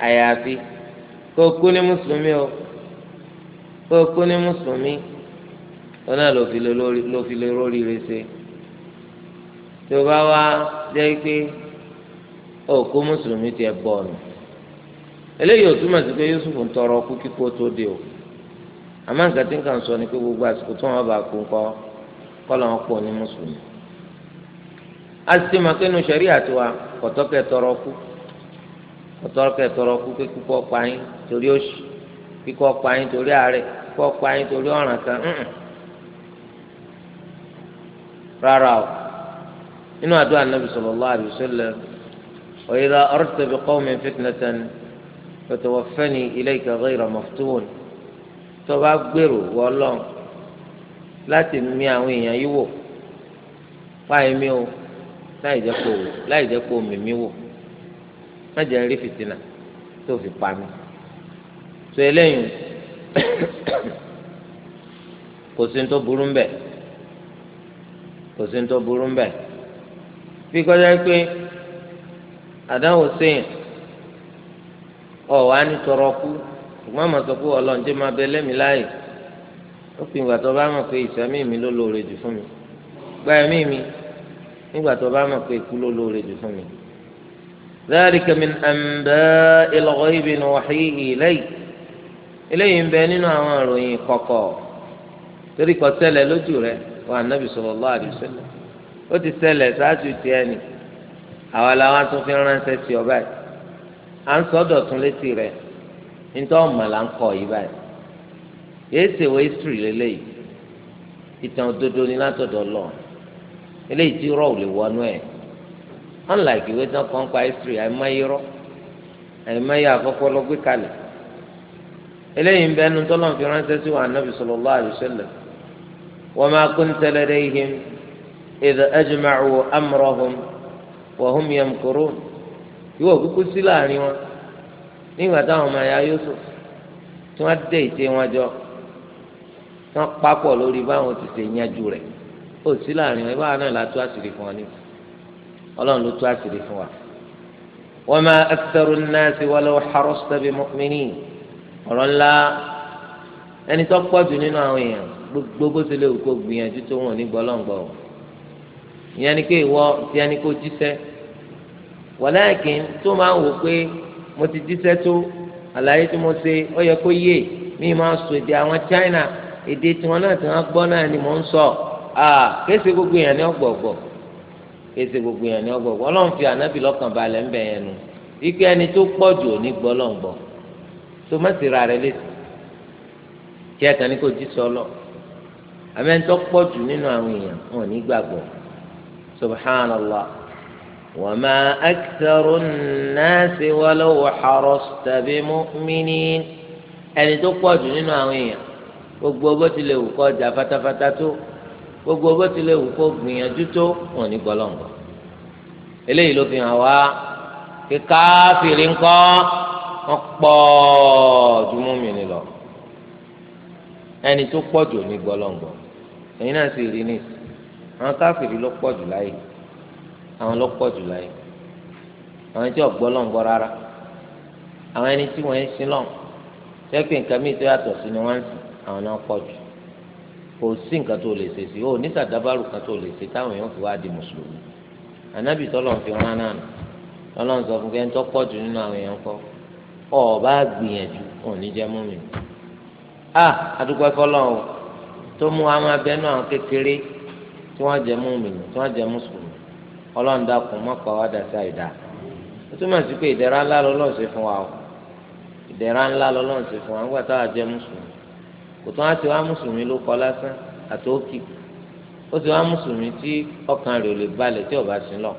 àyàfi kó kú ní mùsùlùmí o kó kú ní mùsùlùmí ó náà ló fi lè rórí rẹ ṣe tó bá wá jẹ́ pé ó kú mùsùlùmí tiẹ̀ bọ̀ ọ̀nà eléyìí ó túmọ̀ sí pé Yusuf ń tọrọ kú kíkó tó dé o àmọ́ nǹkan tí nǹkan sọ ni pé gbogbo àsìkò tí wọ́n bá kú ńkọ́ kọ́ lọ́wọ́ pọ̀ ní mùsùlùmí. a sì ti mọ̀ pé inú sẹ̀rí àtiwá kọ̀tọ́kẹ́ tọrọ kú kọ̀tọ́kẹ́ tọrọ kú pé kíkọ́ pa yín torí òṣì kíkọ́ pa yín torí àárẹ̀ kíkọ́ pa yín torí ọ̀ràn kan rárá o inú àdúrà nàbì sallallahu alaihi wasallam wa idha aradta biqawmin tó bá gbèrò wọlọ́n láti mi àwọn èèyàn yìí wò fáyé mi o láì jẹ́ kó wò láì jẹ́ kó mì mí wò má jẹ́ rí fìtínà tó fi pa mí tó eléyìí *coughs* kò sí ní tó burú mbẹ kò sí ní tó burú mbẹ bí kọjá pé àdáwò sèyìn ọ̀ wá ní tọrọ kú ṣùgbọ́n àmọ́ sọ pé ọlọ́run jẹ́ máa bẹ lẹ́mìí láàyè ó fi ìgbà tó bá mọ̀ pé ìsẹ́mí mi ló lóore jù fún mi gba ẹ̀mí mi nígbà tó bá mọ̀ pé ikú ló lóore jù fún mi. ذلك من أنباء الغيب نوحيه إليك eléyìí ń bẹ nínú àwọn ìròyìn kọ̀kọ̀ torí kò ṣẹlẹ̀ lójú rẹ̀ wà nábì sallallahu alaihi wasallam ó ti ṣẹlẹ̀ ṣáájú tiẹ̀ nì àwa làwọn tún fi ránṣẹ́ sí ọba yìí à ń sọdọ tún létí rẹ̀ nítorí ọmọ là ń kọ yìí báyìí èsì wọ history lélẹ́yìí ìtàn òdodo ni látọ̀dọ̀ lọ eléyìí tí rọ ò lè wọnú ẹ̀ unlike ìwé tán kàn pa history àìmáyé rọ àìmáyé àkọ́kọ́ lọ gbé kalẹ̀ eléyìí ń bẹ ẹnu tọ́lọ́ fi ránṣẹ́ sí wa ànábì sallallahu alaihi wasallam wa ma kunta ladayhim idh ajma'u nígbà táwọn ọmọ ya Yusuf tí wọ́n dé ìtẹ́ wọn jọ wọ́n papọ̀ lórí báwọn ti ṣe yanjú rẹ̀ ó sí láàrin wọn báwọn náà la tú àṣírí fún wọn ní ọlọ́run ló tú àṣírí fún wa. wa ma aktharu nnasi walau harasta bi mu'minin ọ̀rọ̀ ńlá ẹni tó pọ̀ nínú àwọn èèyàn gbogbo tó lè kó gbìyànjú tó wọn ní gbọ́lọ́ngbọ́ ìyẹn ni pé ìwọ ti ẹni kó jíṣẹ́ walakin mo ti jíṣẹ́ tó àlàyé tí mo ṣe ó yẹ kó yé mi máa sọ èdè àwọn China èdè tiwọn náà tí wọ́n gbọ́ náà ni mò ń sọ kése gbogbo yẹn ní ọgbọ̀gbọ̀ kése gbogbo yẹn ní ọgbọ̀gbọ̀ ọlọ́run fi ànábì lọ́kàn balẹ̀ ń bẹ̀ yẹn nu ike ẹni tó pọ̀ jù ò ní gbọ́ lọ́ngbọ̀ tó má sì ra rẹ létí kí ẹ̀kan ní kò jí sọ lọ àmẹ́ńtọ́ pọ̀ jù nínú àwọn èèyàn wọn ò ní gbàgbọ́ subhanallah. وما أكثر الناس ولو حرصت بمؤمنين ẹni tó pọ̀ jù nínú àwọn èèyàn gbogbo bó tilẹ̀ wù kó jà fatafata tó gbogbo bó tilẹ̀ wù kó gbìyànjú tó wọn ní gbọlọ́ngbọ. eléyìí ló fi hàn wá kí káfíìrì ńkọ́ wọn pọ̀ ju mùmínì lọ ẹni tó pọ̀ jù ní gbọlọ́ngbọ. ẹ̀yin náà sì rí ní àwọn káfíìrì ló pọ̀ jù láyé àwọn lọ́pọ̀ jù láyé àwọn tí ọ̀gbọ́ lọ́n gbọ́ rárá àwọn ẹni tí wọ́n ń sin lọ́n sẹ́pẹ̀ nǹkan míì tó yàtọ̀ sí ni wọ́n ń sìn àwọn náà pọ̀ jù kò sí nǹkan tó lè ṣe sí o ní sàdábàrù kan tó lè ṣe táwọn èèyàn fi wá di mùsùlùmí ànábì tọ́lọ̀ fi wọ́n náà nù lọ́lọ́run sọ fún kẹ́ni pọ̀ jù nínú àwọn èèyàn kọ́ ọ̀ọ́bá gbìyànjú òní jẹ́ mú mi. a adúgbò ẹ̀fọ́lọ́run tó mú wa máa àwọn kékeré tí wọ́n jẹ́ mú ọlọ́run dákun má pa wá dàsí àìdá ó túmọ̀ sí pé ìdẹ̀ra ńlá lọ́lọ́run ṣe fún wa o ìdẹ̀ra ńlá lọ́lọ́run ṣe fún wa nígbà táwa jẹ́ mùsùlùmí kò tán á ti wá mùsùlùmí ló kọ lásán àti òkì ó ti wá mùsùlùmí tí ọkàn rẹ̀ ò lè balẹ̀ tí ó bá sí lọ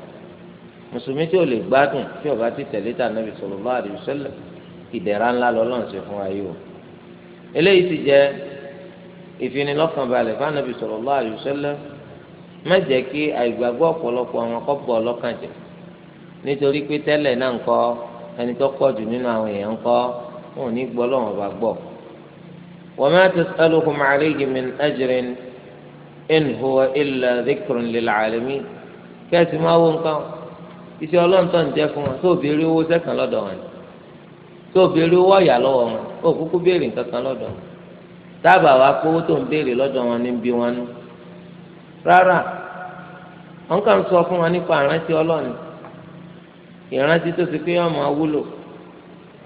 mùsùlùmí tí ò lè gbádùn tí ó ti tẹ̀lé tà Nábì sallallahu alaihi wasallam ìdẹ̀ra ńlá lọ́lọ́run má jẹ́ kí àìgbàgbọ́ ọ̀pọ̀lọpọ̀ àwọn kọ́ bọ̀ ọlọ́kàn jẹ́ nítorí pé tẹ́lẹ̀ náà ń kọ́ ẹni tó pọ̀ jù nínú àwọn èèyàn ń kọ́ wọn ò ní gbọ́ lọ́wọ́n bá gbọ́. wa ma tas'aluhum alayhi min ajrin in huwa illa dhikrun lil alamin kẹ́sì máa wó nǹkan iṣẹ́ ọlọ́ntọ́ ń jẹ́ fún wọn tó béèrè owó sẹ́kàn lọ́dọ̀ wọn tó béèrè owó ọ̀yà lọ́wọ́ wọn ó kúkú béèrè nǹkan kan lọ́dọ̀ wọn dábàá wa pé tó ń béèrè lọ́dọ̀ wọn ní bí wọn nú rárá wọn kàn sọ fún wa nípa ìrántí ọlọ́ọ̀ni ìrántí tó ti pé yọ máa fún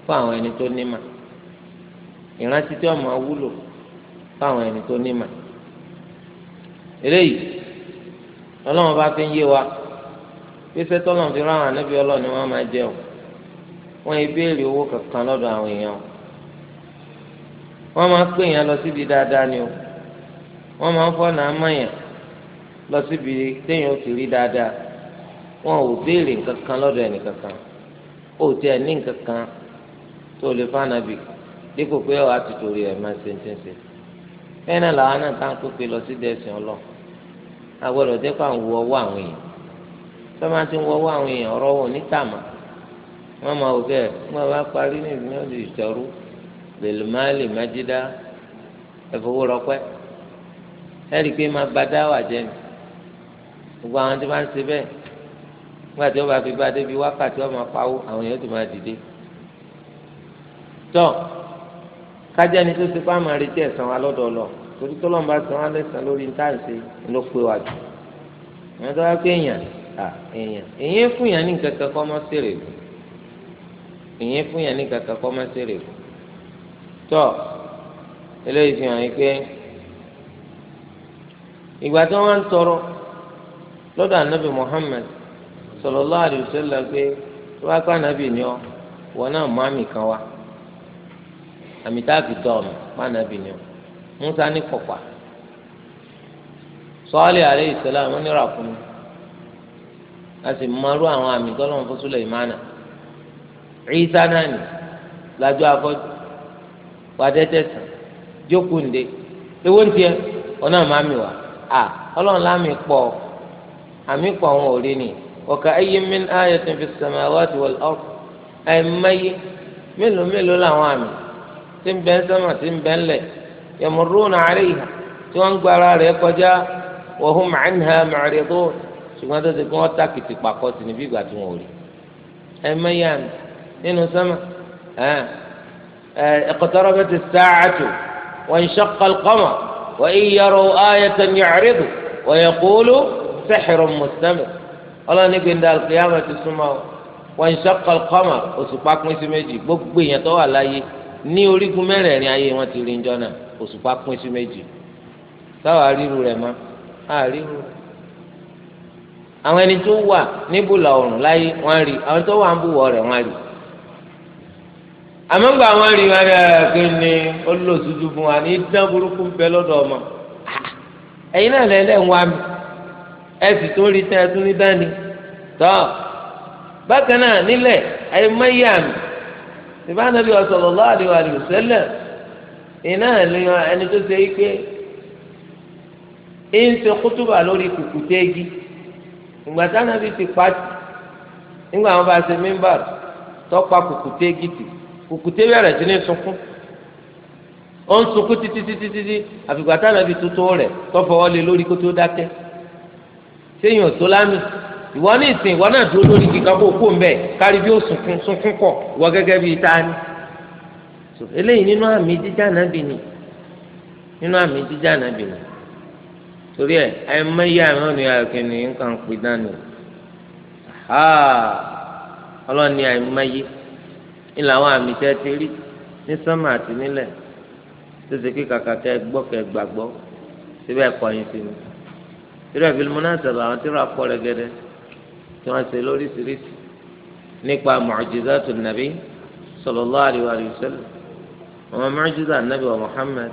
àwọn ẹni tó ní mà ìrántí tí ẹni tó ní mà eléyìí bá fi ń yé wa pèsè tọ́lọ̀ fi rán àwọn ọlọ́ọ̀ni wọn máa jẹ o wọn owó kankan lọ́dọ̀ àwọn èèyàn wọn máa pè yẹn lọ síbi dáadáa ni o wọn máa ń lọ síbi téèyàn ti rí dáadáa wọn ò béèrè nǹkan kan lọ́dọ̀ ẹnìkan kan ó tiẹ̀ ní nǹkan kan tó lè fànàbì dípò pé ọ̀ àtìtòrí ẹ̀ máa ṣe ń ṣe ń ṣe bẹ́ẹ̀ náà làwọn náà tá à ń pèpè lọ sí dẹ́sìn ọlọ́ agbọ́dọ̀ jẹ́ pé à ń wo ọwọ́ àwọn èèyàn tó máa ti ń wo ọwọ́ àwọn èèyàn ọ̀rọ̀ wọn ní tàmà máa wò bẹ́ẹ̀ wọ́n bá parí ní ìdílé ọ̀dọ̀ ìṣòro lèlè má lè má jí dá pé máa gba dáwà jẹ́ ni gbogbo àwọn tí wọ́n ṣe bẹ́ẹ̀ nígbà tí wọ́n bá fi bá débi wákàtí wọ́n máa pawó àwọn èèyàn ti máa dìde. tọ́ kájá ni tó ti pa àmà retí ẹ̀sán wa lọ́dọ̀ lọ torí tó lọ́nba sàn wá lẹ́sàn lórí ní táǹsì ló pé wa jù èèyàn tó wá pé èèyàn èèyàn èèyàn fún yàn ní kankan kọ́ mọ́ sèrè bù èèyàn fún yàn ní kankan kọ́ mọ́ sèrè bù tọ́ eléyìí fi hàn yín pé ìgbà tí wọ́n ń tọrọ lọ́dọ̀ anabi muhammed sallallahu alaihi wasallam pé tó bá anabi ni ọ wọn náà mú àmì kan wá àmì tá a fi tọ́ ọ̀nà salam wọn ní ràkúnmí a sì mọ̀rú àwọn àmì tọ́lọ́mù fún Sulaimana Isa náà nì lájọ́ afọ́jú wàdẹ́tẹ̀ sàn jókòó wa à ọlọ́run lámì pọ̀ àmì pọ̀ àwọn òrí ni ọ̀kà ayé min ayatin fi samawati wal ard àìmọye mélòó mélòó làwọn àmì tí ń bẹ ń sẹ́mà tí ń bẹ ń lẹ̀ yamurruna alayha tí wọ́n ń gba ara rẹ̀ kọjá wa hum anha mu'ridun ṣùgbọ́n tó ti kí wọ́n tàkìtì pàkọ́ sí níbi ìgbà tí wọ́n rí àìmọye àmì nínú sẹ́mà اقتربت الساعة وانشق القمر وإن يروا آية يعرضوا ويقولوا sẹ́hìrì مستمر. ọlọ́ni gbẹ̀ndà alùpùpù ti súnmọ́ wọn ṣọ́kọ̀ kọ́mà òṣùpá pín sí méjì gbogbo èèyàn tó wà láyé ní orígun mẹ́rẹ̀ẹ̀rin ayé wọn ti rí njọ́ náà òṣùpá pín sí méjì sáwà ríru rẹ̀ mọ́ àríru rẹ̀ àwọn ẹni tó wà níbùlà ọ̀run láyé wọ́n rí àwọn tó wà ń bùwọ̀ rẹ̀ wọ́n rí àmọ́gbà wọn rí wọn rẹ̀ ah, kí ni olóòtú fún wa ní dán burúkú ń bẹ lọ́dọ̀ ọmọ ah, ẹ̀yin náà lẹ́lẹ́ ń wá mi. ẹsì tó rí tẹ ẹtún ní dání tọ bákan náà nílẹ̀ ayé mẹyẹ àmì ìbánabi sallallahu alaihi wa sallam iná ẹlẹyìn ẹni tó ṣe ike ń ṣe kútùbà lórí kùkùté igi ìgbà tánábi ti pàtì nígbà wọn bá ṣe mímbà tọpa kùkùté igi tì kùkùté sí ní sunkún ó ń sunkún títí títí títí àfìgbà tuntun sẹ́yìn ọ̀tọ́ lámì ìwọ ní ìsìn ìwọ náà dúró lórí kíkà kó kó mbẹ kárí bí ó sunkún sunkún kọ ìwọ gẹ́gẹ́ bíi tani eléyìí nínú àmì jíjà nàbì ni nínú àmì jíjà nàbì ni torí ẹ ẹ mẹyà àwọn ènìyàn àkẹni nǹkan pè dání ọlọ́ni àìmọye ní làwọn àmì tẹ́ ti rí ní sánmà àti nílẹ̀ tó ṣe kí kàkà kẹ́ gbọ́ kẹ́ gbàgbọ́ síbẹ̀ kọ̀yìn sí ni irú ẹ̀fí múnásàbà àwọn tí wọ́n akọ rẹ̀ gẹ́dẹ́ tí wọ́n ṣe lóríṣiríṣi nípa mu'jizatun nàbí sallallahu alaihi wa sallam àwọn mu'jiza nàbí wa Muhammad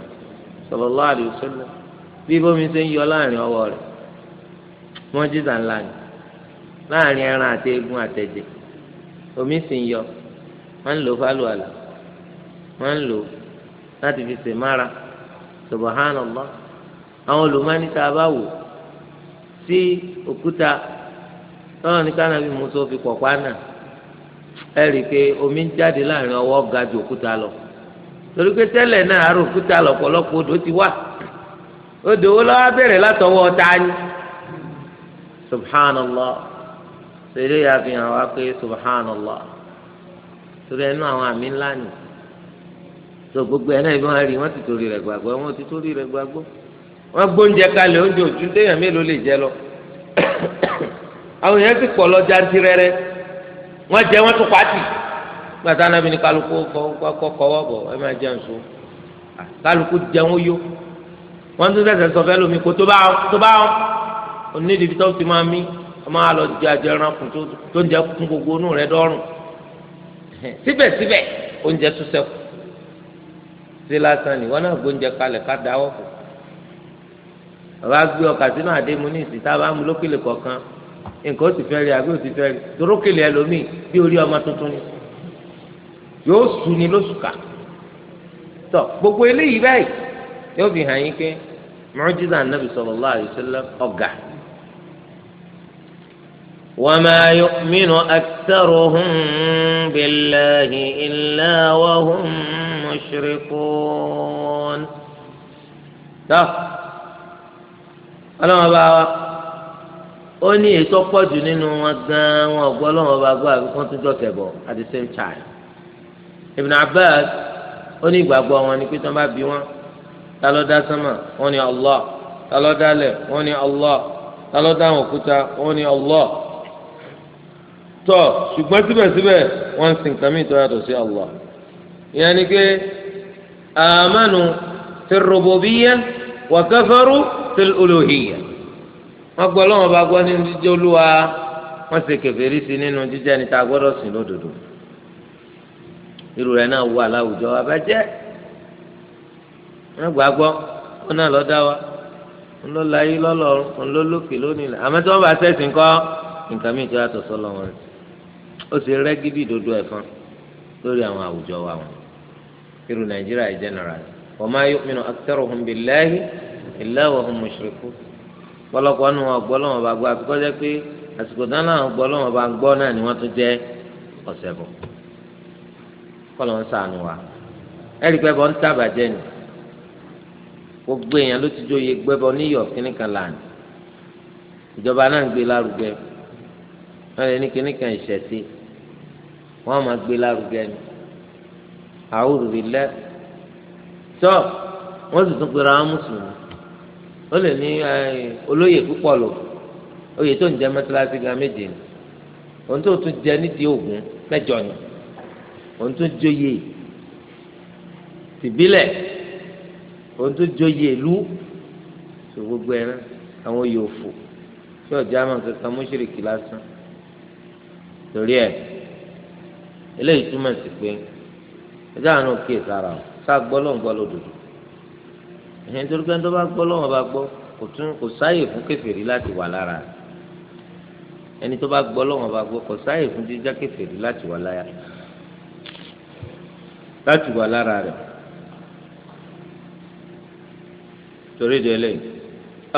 sallallahu alaihi wa sallam bí bómi ṣe ń yọ láàrin ọwọ́ rẹ̀ mu'jiza ńlá ni láàrin ẹran àti eegun àtẹ̀jẹ̀ omi sì ń yọ wọ́n ń lò fálùwàlà wọ́n ń lò láti fi ṣèmára subhanallah àwọn olùmọ́ni tá a sí òkúta náà ní kánábì musa fi pọ̀pá náà ẹ rí i pé omi ń jáde láàrin ọwọ́ ga ju òkúta lọ torí pé tẹ́lẹ̀ náà àrò òkúta lọ̀pọ̀lọpọ̀ odò ti odò wo lọ́wọ́ bẹ̀rẹ̀ látọwọ́ ta ni subhanallah sèré yà fi hàn wá pé subhanallah torí ẹnu àwọn àmì ńlá ni tó gbogbo ẹ̀ náà ìbọn wọ́n gbóúnjẹ kalẹ̀ oúnjẹ òtún téèyàn mélòó lè jẹ lọ *coughs* àwọn èèyàn ti pọ̀ lọ jáde rẹ́rẹ́ wọ́n jẹ wọ́n tún pàtì gbàtà anábì ní kálukú kọ́kọ́wọ́ bọ̀ ẹ máa jẹun so kálukú jẹun yó wọ́n tún sẹ̀sẹ̀ sọ fẹ́ lómi kó tó bá wọn onídìbí tó ti máa mí ọmọ àlọ́ jẹ àjẹrán kùn tó ń jẹ kún gbogbo inú rẹ dọ́rùn síbẹ̀síbẹ̀ oúnjẹ tún sẹ́kù sí lásán ni wọ́n náà gbóúnjẹ kalẹ̀ ká dáwọ́ fún un bàbá gbé ọkà sínú àdé mu ní ìsìn táwa mú lókèlè kọ̀ọ̀kan nǹkan ó sì fẹ́ rí àbí ó sì fẹ́ rí torókèlè ẹlòmíì bí orí ọmọ tuntun ni yóò sùn ní lóṣùkà tọ gbogbo eléyìí báyìí yóò fi hàn yín pé mu'jiza Nabi sallallahu alaihi wasallam ọ̀gá wa ma yu'minu aktharuhum billahi illa wa hum mushrikun ọlọ́wọ́n bá wa ó ní ètò pọ̀jù nínú wọn gan-an wọn ọ̀gbọ́n ọlọ́wọ́n bá gbọ́ àbí wọ́n tún dọ̀kẹ̀ bọ̀ at the same time Ibn Abbas ó ní ìgbàgbọ́ wọn ni pé tí wọ́n bá bí wọn ta ló dá sánmà wọn ni Allah ta ló dálẹ̀ wọn ni Allah ta dá àwọn òkúta wọn ni Allah tọ ṣùgbọ́n síbẹ̀síbẹ̀ wọ́n ń sin nǹkan yàtọ̀ sí Allah ìyẹn ni pé amanu fil uluhiyya wọ́n gbọ́ lọ́wọ́ bá gbọ́ nínú jíjẹ́ olúwa wọ́n ṣe kèfèrí sí nínú jíjẹ́ ní ta gbọ́dọ̀ sìn lódodo irú rẹ̀ náà wà láwùjọ abẹ́jẹ́ wọ́n gbàgbọ́ wọ́n náà lọ́ dá wa wọ́n ló la yí lọ́lọ́run wọ́n ló lókè lónìí la àmọ́ tí wọ́n bá sẹ́sìn kọ́ nǹkan mìíràn tó yàtọ̀ sọ́lọ́ wọn ó sì rẹ́gí bí dodo ẹ̀fọn lórí àwọn àwùjọ wa wọn irú Nàìjíríà general wa ma yu'minu aktharuhum billahi illa wa hum mushrikun pọ̀lọpọ̀ nu wọn gbọ́ lọ́wọ́ bá gbọ́ àfikọ́ jẹ́ pé àsìkò dáná àwọn gbọ́ lọ́wọ́ bá gbọ́ náà ni wọ́n tún jẹ́ ọ̀sẹ̀ bọ̀ kọ́lọ̀ ń sànù wa ẹ̀rí pẹ́ bọ́ ń tàbàjẹ́ ni gbogbo èèyàn ló ti jóye gbẹ́bọ níyọ̀ kínníkan lànà ìjọba náà ń gbé lárugẹ wọ́n lè ní kínníkan ìṣẹ̀sí wọ́n máa gbé lárugẹ ni àwòrán ilẹ̀ tọ́ wọ́n sì tún pera wọn mùsùlùmí ó lè ní olóyè púpọ̀ lò oyè tó ń jẹ mọ́tíláṣí gan méje ni ohun tó tún jẹ nídìí ògùn mẹ́jọ ni ohun tó jóye tìbílẹ̀ ohun tó jóye ìlú tó gbogbo ẹ̀ náà àwọn oyè òfò tí ọjà máa kankan mọ́ṣíríkì lásán torí ẹ̀ eléyìí túmọ̀ sí pé ẹjọ́ àwọn òkè sára ṣáà gbọ́ ló lódodo ìyẹn nítorí pé tó bá gbọ́ lọ́wọ́ bá gbọ́ kò tún kò sáyè fún kèfèrí láti wà lára ẹni tó bá gbọ́ lọ́wọ́ bá gbọ́ kò sáyè fún jíjá kèfèrí láti wà lára láti wà lára rẹ̀ torí délé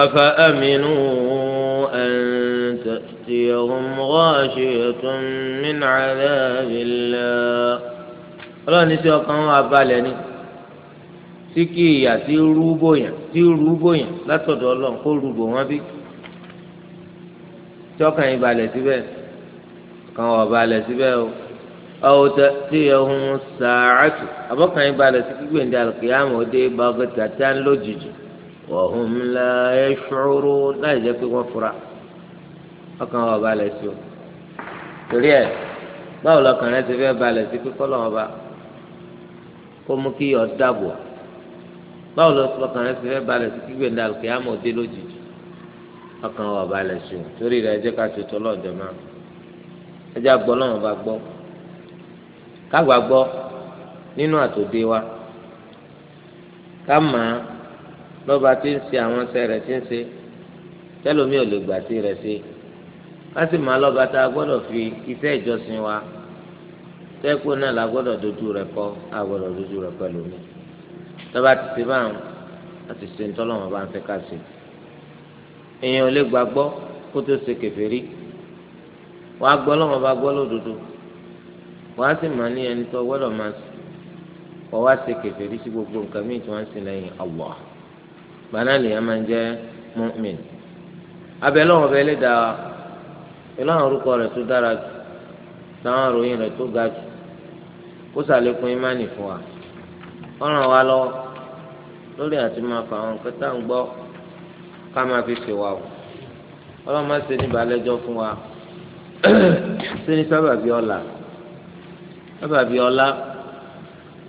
afa aminu an ta'tiyahum ghashiyatun min 'adhabillah ọlọ́run ní tí ọkàn wọn abalẹ̀ ni sí kí ìyà tí rú bòyàn tí rú bòyàn látọ̀dọ̀ ọlọ́run kó rú bò wọ́n bí tí ọkàn yìí balẹ̀ síbẹ̀ kàn wọ́n balẹ̀ síbẹ̀ o ọ̀ tẹ tí ẹ̀hún sàáràtù àbọ̀kàn yìí balẹ̀ sí gbígbé ní alùkìyàmù òde bàgẹ́tà tí a ń lójijì ọ̀hún la ẹ̀ láì jẹ́ pé wọ́n fura ọkàn wọ́n balẹ̀ sí o torí ẹ̀ báwo lọkàn rẹ ti fẹ́ balẹ̀ sí pé lọ́wọ́ bá kó mú kí ọ̀ dàbọ̀ báwo lọ sọ ọkàn rẹ ti fẹ́ balẹ̀ sí kígbe ní alùpùpù àmọ́ òde lójijì ọkàn wà balẹ̀ sí o torí rẹ ẹjẹ́ ká ṣètò ọlọ́ọ̀dẹ máa ẹjẹ́ àgbọ̀ lọ́wọ́n bá gbọ́ kágbà gbọ́ nínú àtòdé wa ká máa lọ́ba tí ń ṣe àwọn ṣẹ́ rẹ̀ tí ń ṣe tẹ́lómi ò lè gbà sí rẹ̀ ṣe ká sì máa lọ́ba tá a gbọ́dọ̀ fi iṣẹ́ ìjọsìn wa tẹ́kùn náà la gbọ́dọ̀ dojú rẹ̀ kọ́ àgbọ̀dọ̀ dojú rẹ̀ pẹ̀lú mi tọ́ba ti ṣe báwọn àti ṣe ń tọ́lọ́wọ́n bá ń fẹ́ ká ṣe èèyàn ò lè gbàgbọ́ kó tó ṣe kèfèrí wàá gbọ́ lọ́wọ́n bá gbọ́ lódodo wàá sì máa ní ẹni tó gbọ́dọ̀ máa sùn wọ́n wá ṣe kèfèrí sí gbogbo nǹkan míì tí wọ́n ń lẹ́yìn Allah gbaná lèèyàn máa ń jẹ́ mu'min abẹ́ lọ́wọ́n bẹ́ẹ̀ lè dá wa ìlànà orúkọ rẹ̀ tó dára jù táwọn àròyìn rẹ̀ tó ga jù kó ṣàlékún ìmánì fún wa ọ̀ràn wa lọ lórí àti máa fa àwọn nǹkan tá à ń gbọ́ ká máa fi ṣe wa o ọlọ́mọ ṣe ní balẹ̀jọ́ fún wa *clears throat* ṣe ní sábàbí ọ̀la sábàbí ọ̀la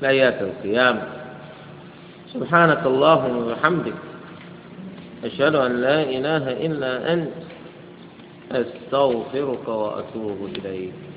láyé àtàkùyàm سبحانك اللهم وبحمدك أشهد أن لا إله إلا أنت أستغفرك وأتوب إليك